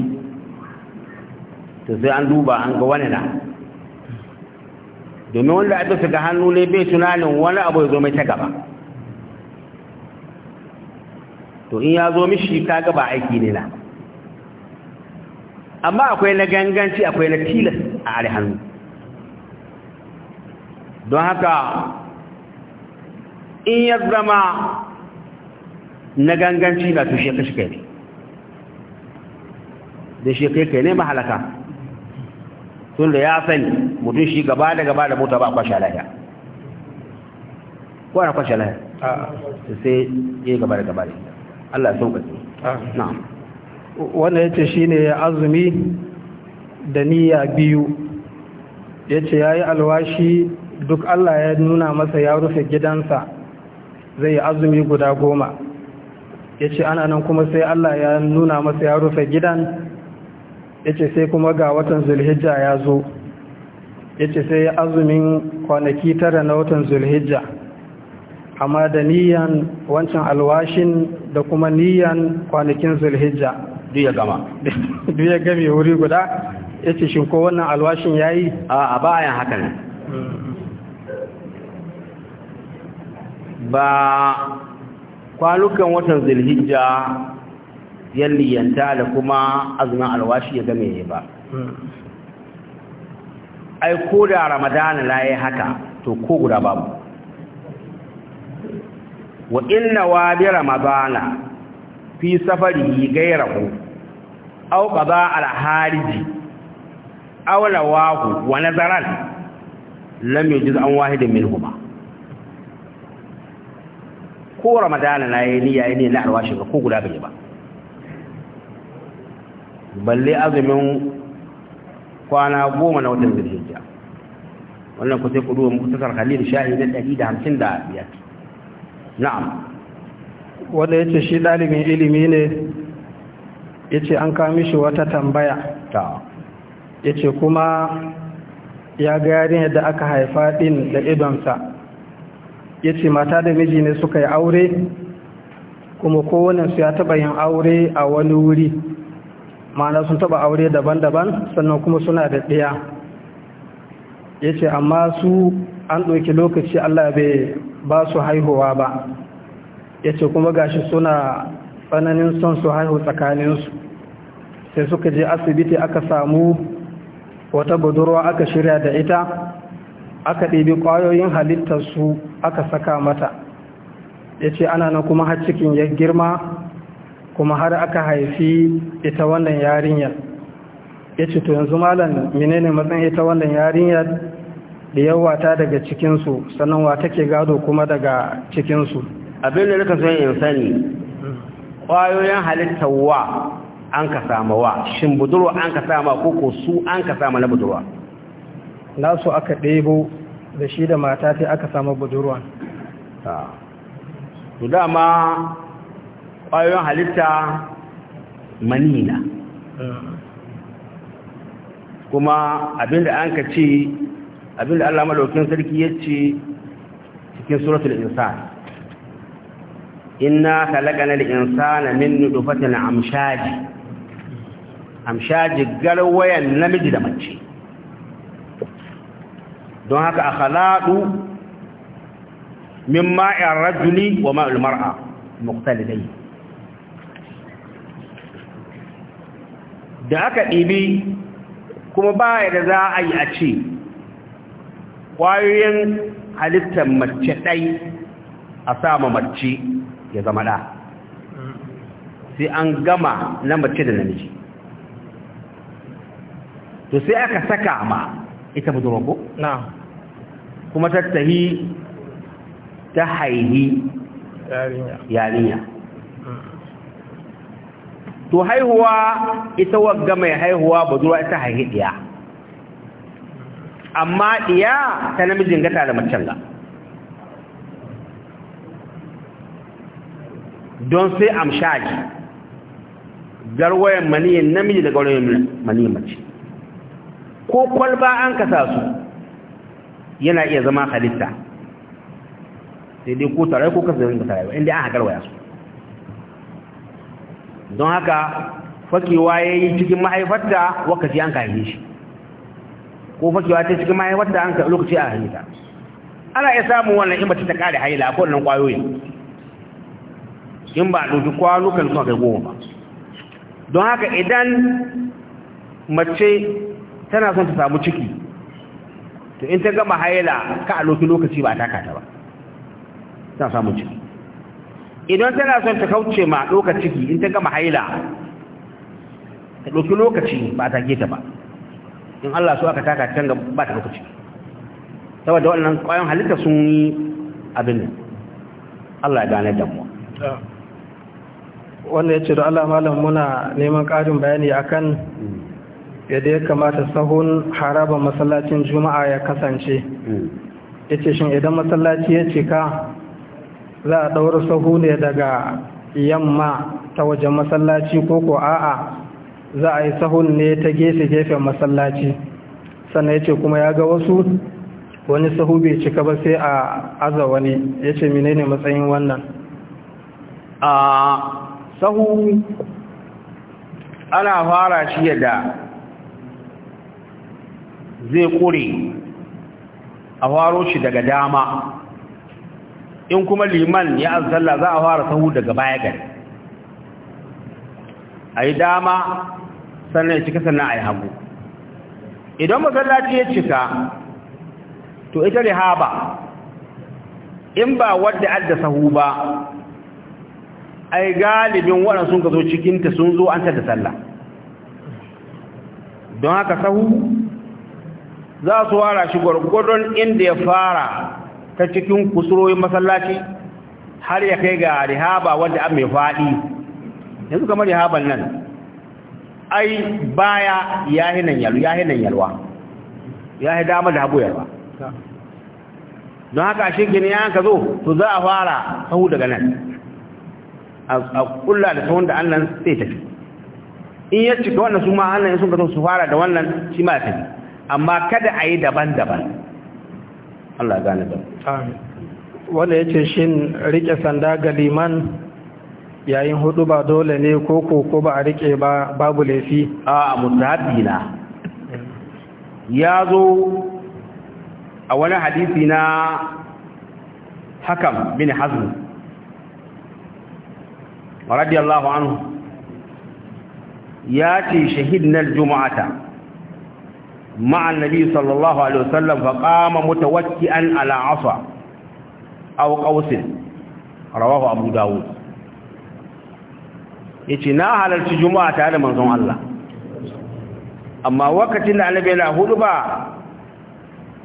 to sai an duba an ga wani na domin wanda a bisa ga hannu ne bai tunanin wani abu ya zo mai ta gaba to in ya zo mishi ka gaba aiki ne na amma akwai na ganganci akwai na tilas a hannu don haka in ya zama na ganganci na to shekai shi kai ne da shekai kai ne mahalaka tun da ya sani mutum shi gaba da gaba da mota ba a kwashe alaya, ko ana kwashe su sai ya gaba da gaba da Allah ya sauka na wanda shi ne azumi da niyya biyu ya ce ya yi alwashi duk Allah ya nuna masa ya rufe gidansa zai yi azumi guda goma ya ce ana nan kuma sai Allah ya nuna masa ya rufe gidan ya ce sai kuma ga watan zulhijja ya zo ya ce sai azumin kwanaki tara na watan zulhijja amma da niyan wancan alwashin da kuma niyan kwanakin zulhijja duya gama duya ya wuri guda ya ce shi ko wannan alwashin ya yi a bayan hakan. ba kwalukan watan zulhijja yalliyanta da kuma azumin alwashi ya game ba ai ko da ramadana laye haka to ko guda babu wa inna wa bi ramadana fi gaira gairahu aw qada al hariji aw lawahu wa nazaran lam yujiz an wahidin minhuma ko ramadana na yi niyya yi ne na shiga ko guda gani ba balle azumin kwana goma na watan zulhijja wannan ku sai ku duba muktasar khalil shahi na ɗari da hamsin da biyar na'am wanda ya ce shi ɗalibin ilimi ne ya ce an kami shi wata tambaya ya ce kuma ya gari yarinyar da aka haifa ɗin da ibansa ya ce mata da miji ne suka yi aure kuma kowanensu ya taba yin aure a wani wuri ma'ana sun taba aure daban-daban sannan kuma suna da ɗaya ya ce amma su an ɗauki lokaci allah bai ba su haihuwa ba ya ce kuma gashi suna tsananin son su haihu tsakaninsu sai suka je asibiti aka samu wata budurwa aka shirya da ita aka ɗebi ƙwayoyin halittarsu aka saka mata ya ce ana nan kuma har cikin ya girma kuma har aka haifi ita wannan yarinyar ya ce to yanzu malam menene matsayin ita wannan yarinyar da yawata daga cikinsu sannan wa take gado kuma daga cikinsu abin da nuka son in sani ƙwayoyin halittar wa an ka sama wa shin budurwa an ka sama ko ko su an ka sama na budurwa nasu aka ɗebo da shi da mata sai aka samu budurwa to dama ƙwayoyin halitta manina kuma abinda an ka ce abinda Allah madaukin sarki ya ce cikin suratul insan inna da al-insana min nutfatin amshaji amshaji garwayan namiji da mace don haka a akhlaqu min ma'i rajuli wa ma'i mara muqtalidayn da aka ɗibi kuma ba da za a yi a ce ƙwayoyin halittar mace ɗai a sama mace ya zama ɗa sai an gama na mace da namiji to sai aka saka ma ita budurwa na kuma tattahi ta haihi yarinya mm. to haihuwa ita wagga mai haihuwa budurwa ita haihi diya mm. amma diya ta namijin gata da macen ga don sai amshaji garwayen maniyin namiji da garwayen maniyin mace ko kwalba an kasa su yana iya zama halitta sai dai ko tare ko kasa zai tare inda an haƙar waya su don haka fakewa ya yi cikin mahaifarta wakaci an kayi shi ko fakewa ta cikin mahaifarta an kayi lokaci a halitta ana iya samun wannan in ba ta kare haila ko wannan kwayoyin in ba a ɗauki kwanukan suna kai goma ba don haka idan mace tana son ta samu ciki to in ta gama haila ka a loki lokaci ba ta kata ba ta samu ciki idan tana son ta kauce ma ɗaukar ciki in ta gama haila ta ɗauki lokaci ba ta geta ba in Allah so aka taka can ga ba ta lokaci saboda wannan kwayon halitta sun yi abin Allah ya gane damuwa wanda ya ce da Allah malam muna neman ƙarin bayani akan hmm. yadda ya kamata sahun haraba masallacin juma'a ya kasance hmm. ya ce shi idan masallaci ya cika za a ɗaura sahu ne daga yamma ta wajen masallaci ko ko a'a za a yi sahun ne ta gefe-gefen masallaci sannan ya ce kuma ya ga wasu wani sahu bai cika ba sai a aza wani ya ce ne matsayin wannan a ah, sahu ana fara shi da zai ƙure a faro shi daga dama in kuma liman ya azalla za a fara sahu daga baya gari a yi dama sannan ya cika sannan a yi hagu idan masallaci ya cika to ita rihaba in ba wadda adda sahu ba ai galibin waɗanda sun ka zo cikinta sun zo an ta sallah don haka sahu za su wara shi gwargwadon inda ya fara ta cikin kusurowin masallaci har ya kai ga rihaba wanda an mai faɗi yanzu kamar rihaban nan ai baya ya nan yalwa ya nan yalwa ya hi dama da hagu yalwa don haka shi gini ya ka zo to za a fara sahu daga nan a kulla da sahun da nan sai tafi in ya cika wannan su ma annan sun ka zo su fara da wannan shi ma ya tafi amma kada a yi daban-daban Allah gane da wanda ya ce shin rike sanda ga liman yayin hudu ba dole ne ko ko ba a rike ba babu laifi a musahabi na ya zo a wani hadisi na hakam bin hazm radiyallahu anhu ya ce shahid na juma'ata مع النبي صلى الله عليه وسلم فقام متوكئا على عصا او قوس رواه ابو داود يتنا على الجمعه تعالى من منظوم الله اما وقت النبي لا هدبا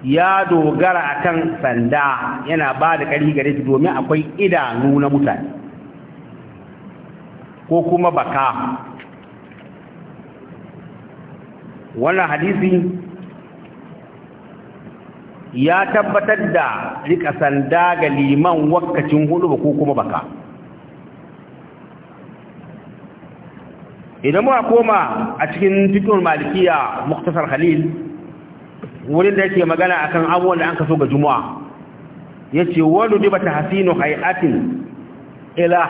يا دوغرا كان سندا yana ba da ƙarfi gare shi domin akwai idanu na mutane ko kuma baka wannan hadisi ya tabbatar da rika sanda ga liman wakacin hudu ba ko kuma baka idan muka koma a cikin fitur malikiya muktasar khalil wurin da yake magana akan abubuwan da an kaso ga juma'a yace wani diba tahsinu hay'atin ila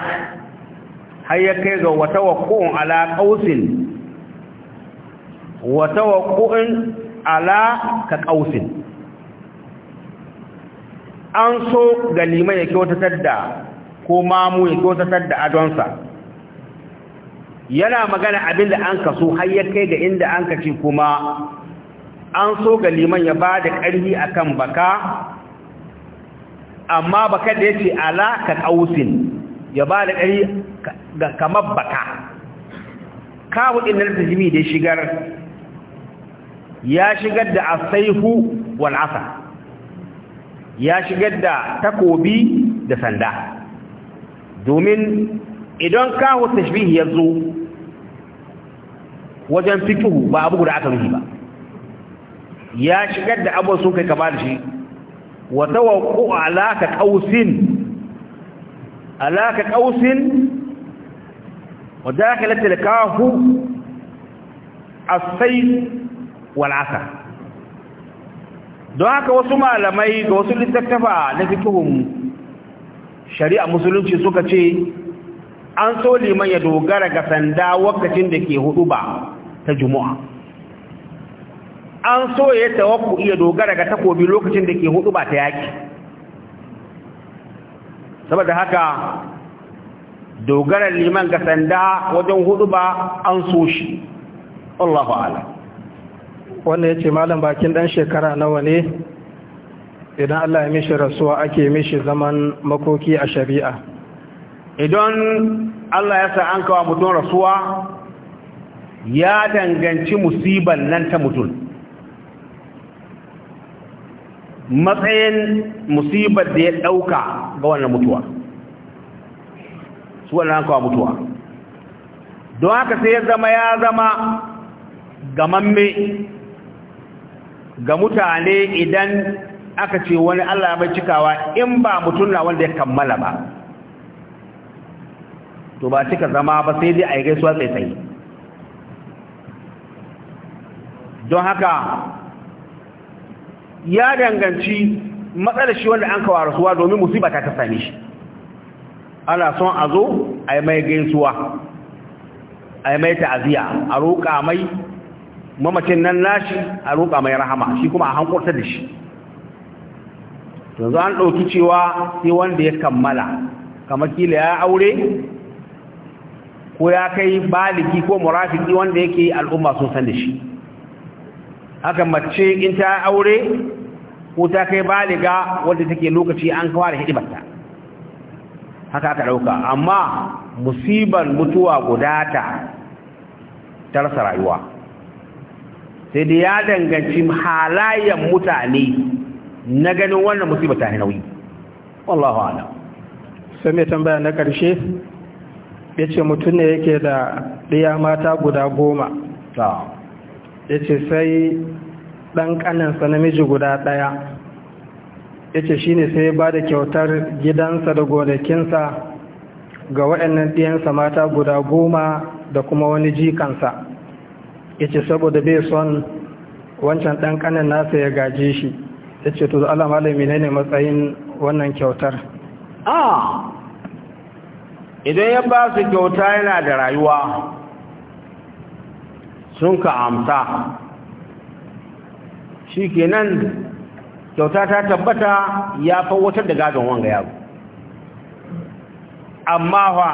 hayya kai ga wata wakon ala qausin wa tawaqqu'in ala ka qausin an so ga liman ya wata da ko mamu ya wata tadda adonsa yana magana abinda an kaso har ya kai ga inda an kace kuma an so ga liman ya bada ƙarfi akan baka amma baka da yace ala ka qausin ya bada ƙarfi ga kamar baka kawo din nan tajimi da shigar ya shigar da asaihu wal asa ya shigar da takobi da sanda domin idan kawo tashbihi ya zo wajen fikihu ba abu guda aka yi ba ya shigar da abu sun kai kama da shi wata waƙo alaka ƙausin alaka ƙausin wadda aka lattar kawo asai wal don haka wasu malamai ga wasu littattafa na fikihun shari'a musulunci suka ce an so liman ya dogara ga sanda wakacin da ke hudu ba ta juma'a an so ya tawakku iya dogara ga takobi lokacin da ke hudu ba ta yaki saboda haka dogara liman ga sanda wajen hudu ba an so shi Allahu a'lam wannan ya ce malam bakin ɗan shekara nawa ne idan Allah ya mishi rasuwa ake mishi zaman makoki a shari'a idan Allah ya sa an kawo mutum rasuwa ya danganci musiban nan ta mutum matsayin musibar da ya ɗauka ga wannan mutuwa su wannan an kawo mutuwa don haka sai ya zama ya zama gamamme ga mutane idan aka ce wani Allah mai cikawa in ba mutum na wanda ya kammala ba to ba cika zama ba sai dai a yi gaisuwa tsaitsaye don haka ya danganci matsalar shi wanda an kawo rasuwa domin musiba ta ta same shi ana son a zo a yi mai gaisuwa a yi mai ta'aziyya a roƙa mai mamacin nan nashi a roƙa mai rahama shi kuma a hankurta da shi yanzu an ɗauki cewa sai wanda ya kammala kamar kila ya aure ko ya kai baliki ko murafiki wanda yake al'umma sun san da shi haka mace in ta aure ko ta kai baliga wanda take lokaci an da hidimarta haka ta ɗauka amma musibar mutuwa guda ta tarsa rayuwa sai da ya danganci halayen mutane na ganin wannan musibar ta nauyi wallahu ala sai mai tambaya na karshe ya ce mutum ne yake da ɗiya mata guda goma ya ce sai ɗan ƙaninsa namiji guda ɗaya ya ce shi ne sai ya ba da kyautar gidansa da gonakinsa ga waɗannan ɗiyansa mata guda goma da kuma wani jikansa yace saboda bai son wancan ɗan ƙanin nasa ya gaje shi yace to Allah malami ne ne matsayin wannan kyautar ah idan ya ba su kyauta yana da rayuwa sun ka amsa shi kenan kyauta ta tabbata ya fawatar da gadon wanga yaro amma fa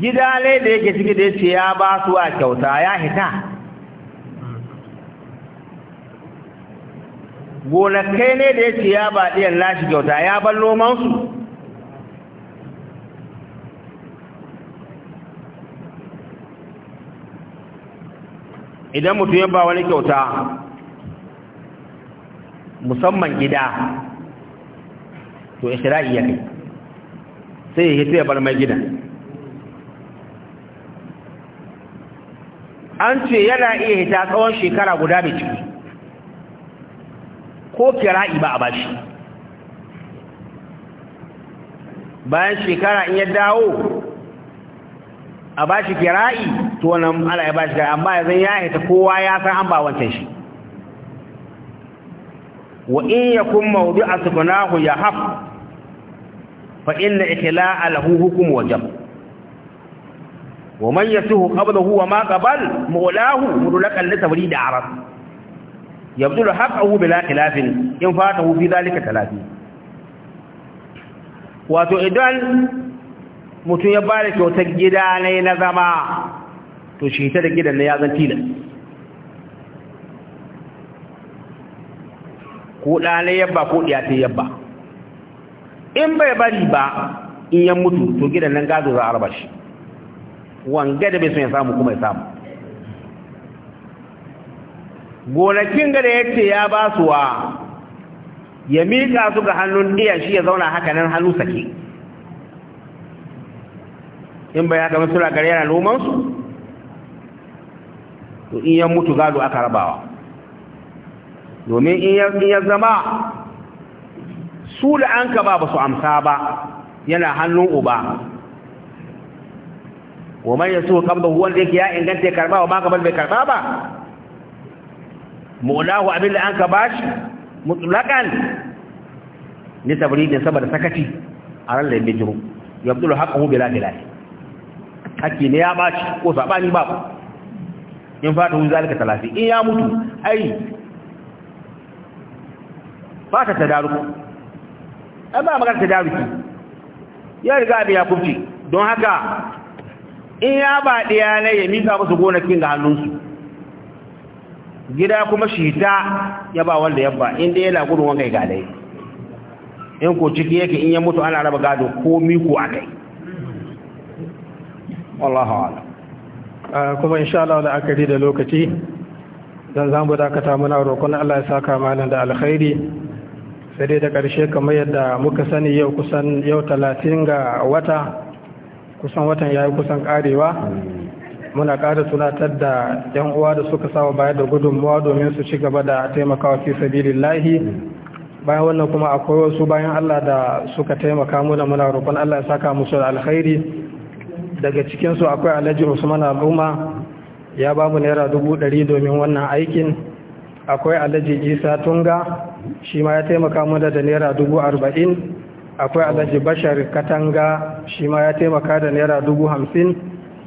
gida ne da yake ciki da yace ya ba su a kyauta ya hita gonakai ne da yace ya ba ɗiyan shi kyauta ya bar nomansu idan mutum ya ba wani kyauta musamman gida to ishira'i ya kai sai ya hito ya bar mai gidan an ce yana iya hita tsawon shekara guda mai ciki ko kira'i ba a bashi bayan shekara in ya dawo a bashi kira'i to wani ala ya bashi kira'i amma yanzu ya hita kowa ya san an ba wancan shi wa in ya kun yakun mawdu'a suknahu yahaf fa ikila alahu hukumu wajen. wa man yasuhu qablahu wa ma qabal mawlahu mudlakan li tawrid arab yabdulu haqqahu bila khilafin in fatahu fi dhalika talafi wato idan mutum ya bada kyautar gida ne na zama to shi ta da gidan ne tilas ko yabba ko yabba in bai bari ba in ya mutu to gidan nan gado za a shi wanga da bai san ya samu kuma ya samu gonakin ga da ya ce ya ba su wa ya miƙa su ga hannun ɗiya shi ya zauna haka nan hannu sake in bai haka masu lagari yana nomansu to in yan mutu gado aka rabawa domin in ya zama su da an ka ba ba su amsa ba yana hannun uba wa man yasu qabla huwa da yake ya inganta karba wa ma kabal bai karba ba mu'lahu abin da an ka bashi mutlaqan ni tabridin saboda sakati a ran da yake jiro yabdul haqqahu bila dilal hakki ne ya bashi ko sabani ba in fatu zalika talafi in ya mutu ai ba ta tadaruku amma magana tadaruki ya riga abin ya kufci don haka in ya ba ɗaya na ya mika musu gonakin ga hannunsu gida kuma shi ta ya ba wanda ya ba inda ya lagudun wanga ya galai in ko ciki yake in ya mutu ana raba gado ko miko a kai wallahu ala kuma insha Allah da aka da lokaci don zamu dakata muna roƙon Allah ya saka malam da alkhairi sai dai da ƙarshe kamar yadda muka sani yau kusan yau talatin ga wata kusan watan ya yi kusan karewa muna ƙara tunatar da yan uwa da suka sawa bayar da gudunmuwa domin su ci gaba da taimakawa fi bayan wannan kuma akwai wasu bayan Allah da suka taimaka muna muna roƙon Allah ya saka musu da alkhairi daga cikinsu su akwai Alhaji Usman Al'umma ya ba mu naira dubu ɗari domin wannan aikin akwai Alhaji Isa Tunga shi ma ya taimaka muna da naira dubu arba'in akwai alhaji bashar katanga shi ma ya taimaka da naira dubu hamsin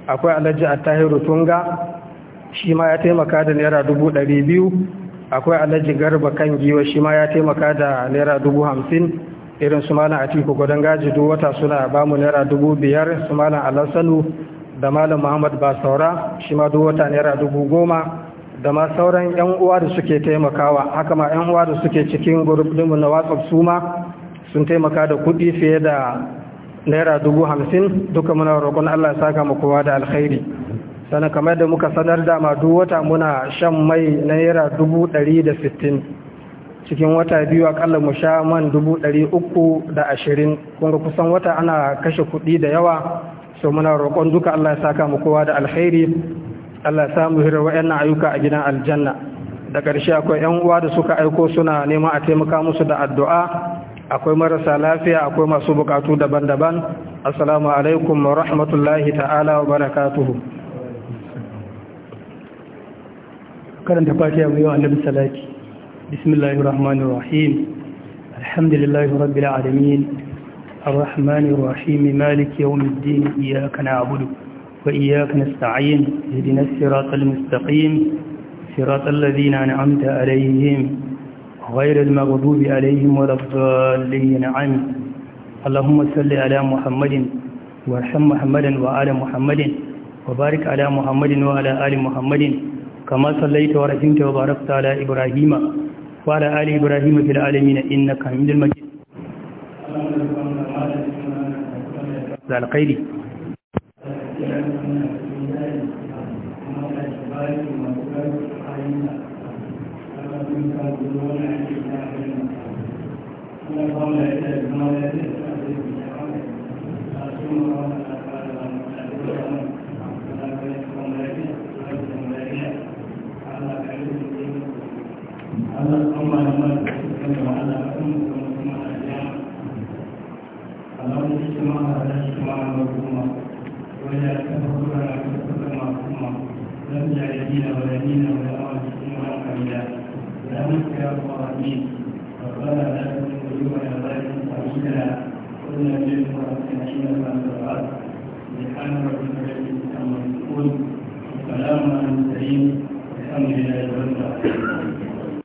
akwai alhaji attahiru tunga shi ma ya taimaka da naira dubu ɗari biyu akwai alhaji garba kan giwa shi ma ya taimaka da naira dubu hamsin irin su malam atiku gudan gaji duk wata suna ba mu naira dubu biyar su malam alasalu da malam muhammad saura shi ma duk wata naira dubu goma da ma sauran yan uwa da suke taimakawa haka ma yan uwa da suke cikin gurbinmu na whatsapp su ma sun taimaka da kuɗi fiye da naira dubu hamsin duka muna roƙon Allah ya saka mu kowa da alkhairi sannan kamar da muka sanar da ma duk wata muna shan mai naira dubu ɗari da sittin cikin wata biyu akalla mu sha man dubu ɗari uku da ashirin kunga kusan wata ana kashe kuɗi da yawa so muna roƙon duka Allah ya saka mu kowa da alkhairi Allah ya samu hirar wa'annan ayyuka a gidan aljanna da ƙarshe akwai 'yan uwa da suka aiko suna neman a taimaka musu da addu'a akwai marasa lafiya akwai masu bukatu daban-daban assalamu alaikum wa rahmatullahi ta'ala wa barakatuhu karanta fatiha mu yau annabi salati bismillahir rahmanir rahim alhamdulillahi rabbil alamin arrahmanir rahim maliki yawmiddin iyyaka na'budu wa iyyaka nasta'in ihdinas siratal mustaqim siratal ladzina an'amta alaihim غير المغضوب عليهم ولا الضالين عنه اللهم صل على محمد وارحم محمدا وعلى محمد وبارك على محمد وعلى آل محمد كما صليت ورحمت وباركت على إبراهيم وعلى آل إبراهيم في العالمين إنك حميد مجيد على القيد Thank you. Yeah. برحمتك يا ارحم الراحمين ربنا لا تزغ قلوبنا بعد إذ هديتنا وهب لنا من لدنك انك انت الوهاب سبحان ربك رب على المرسلين والحمد لله رب العالمين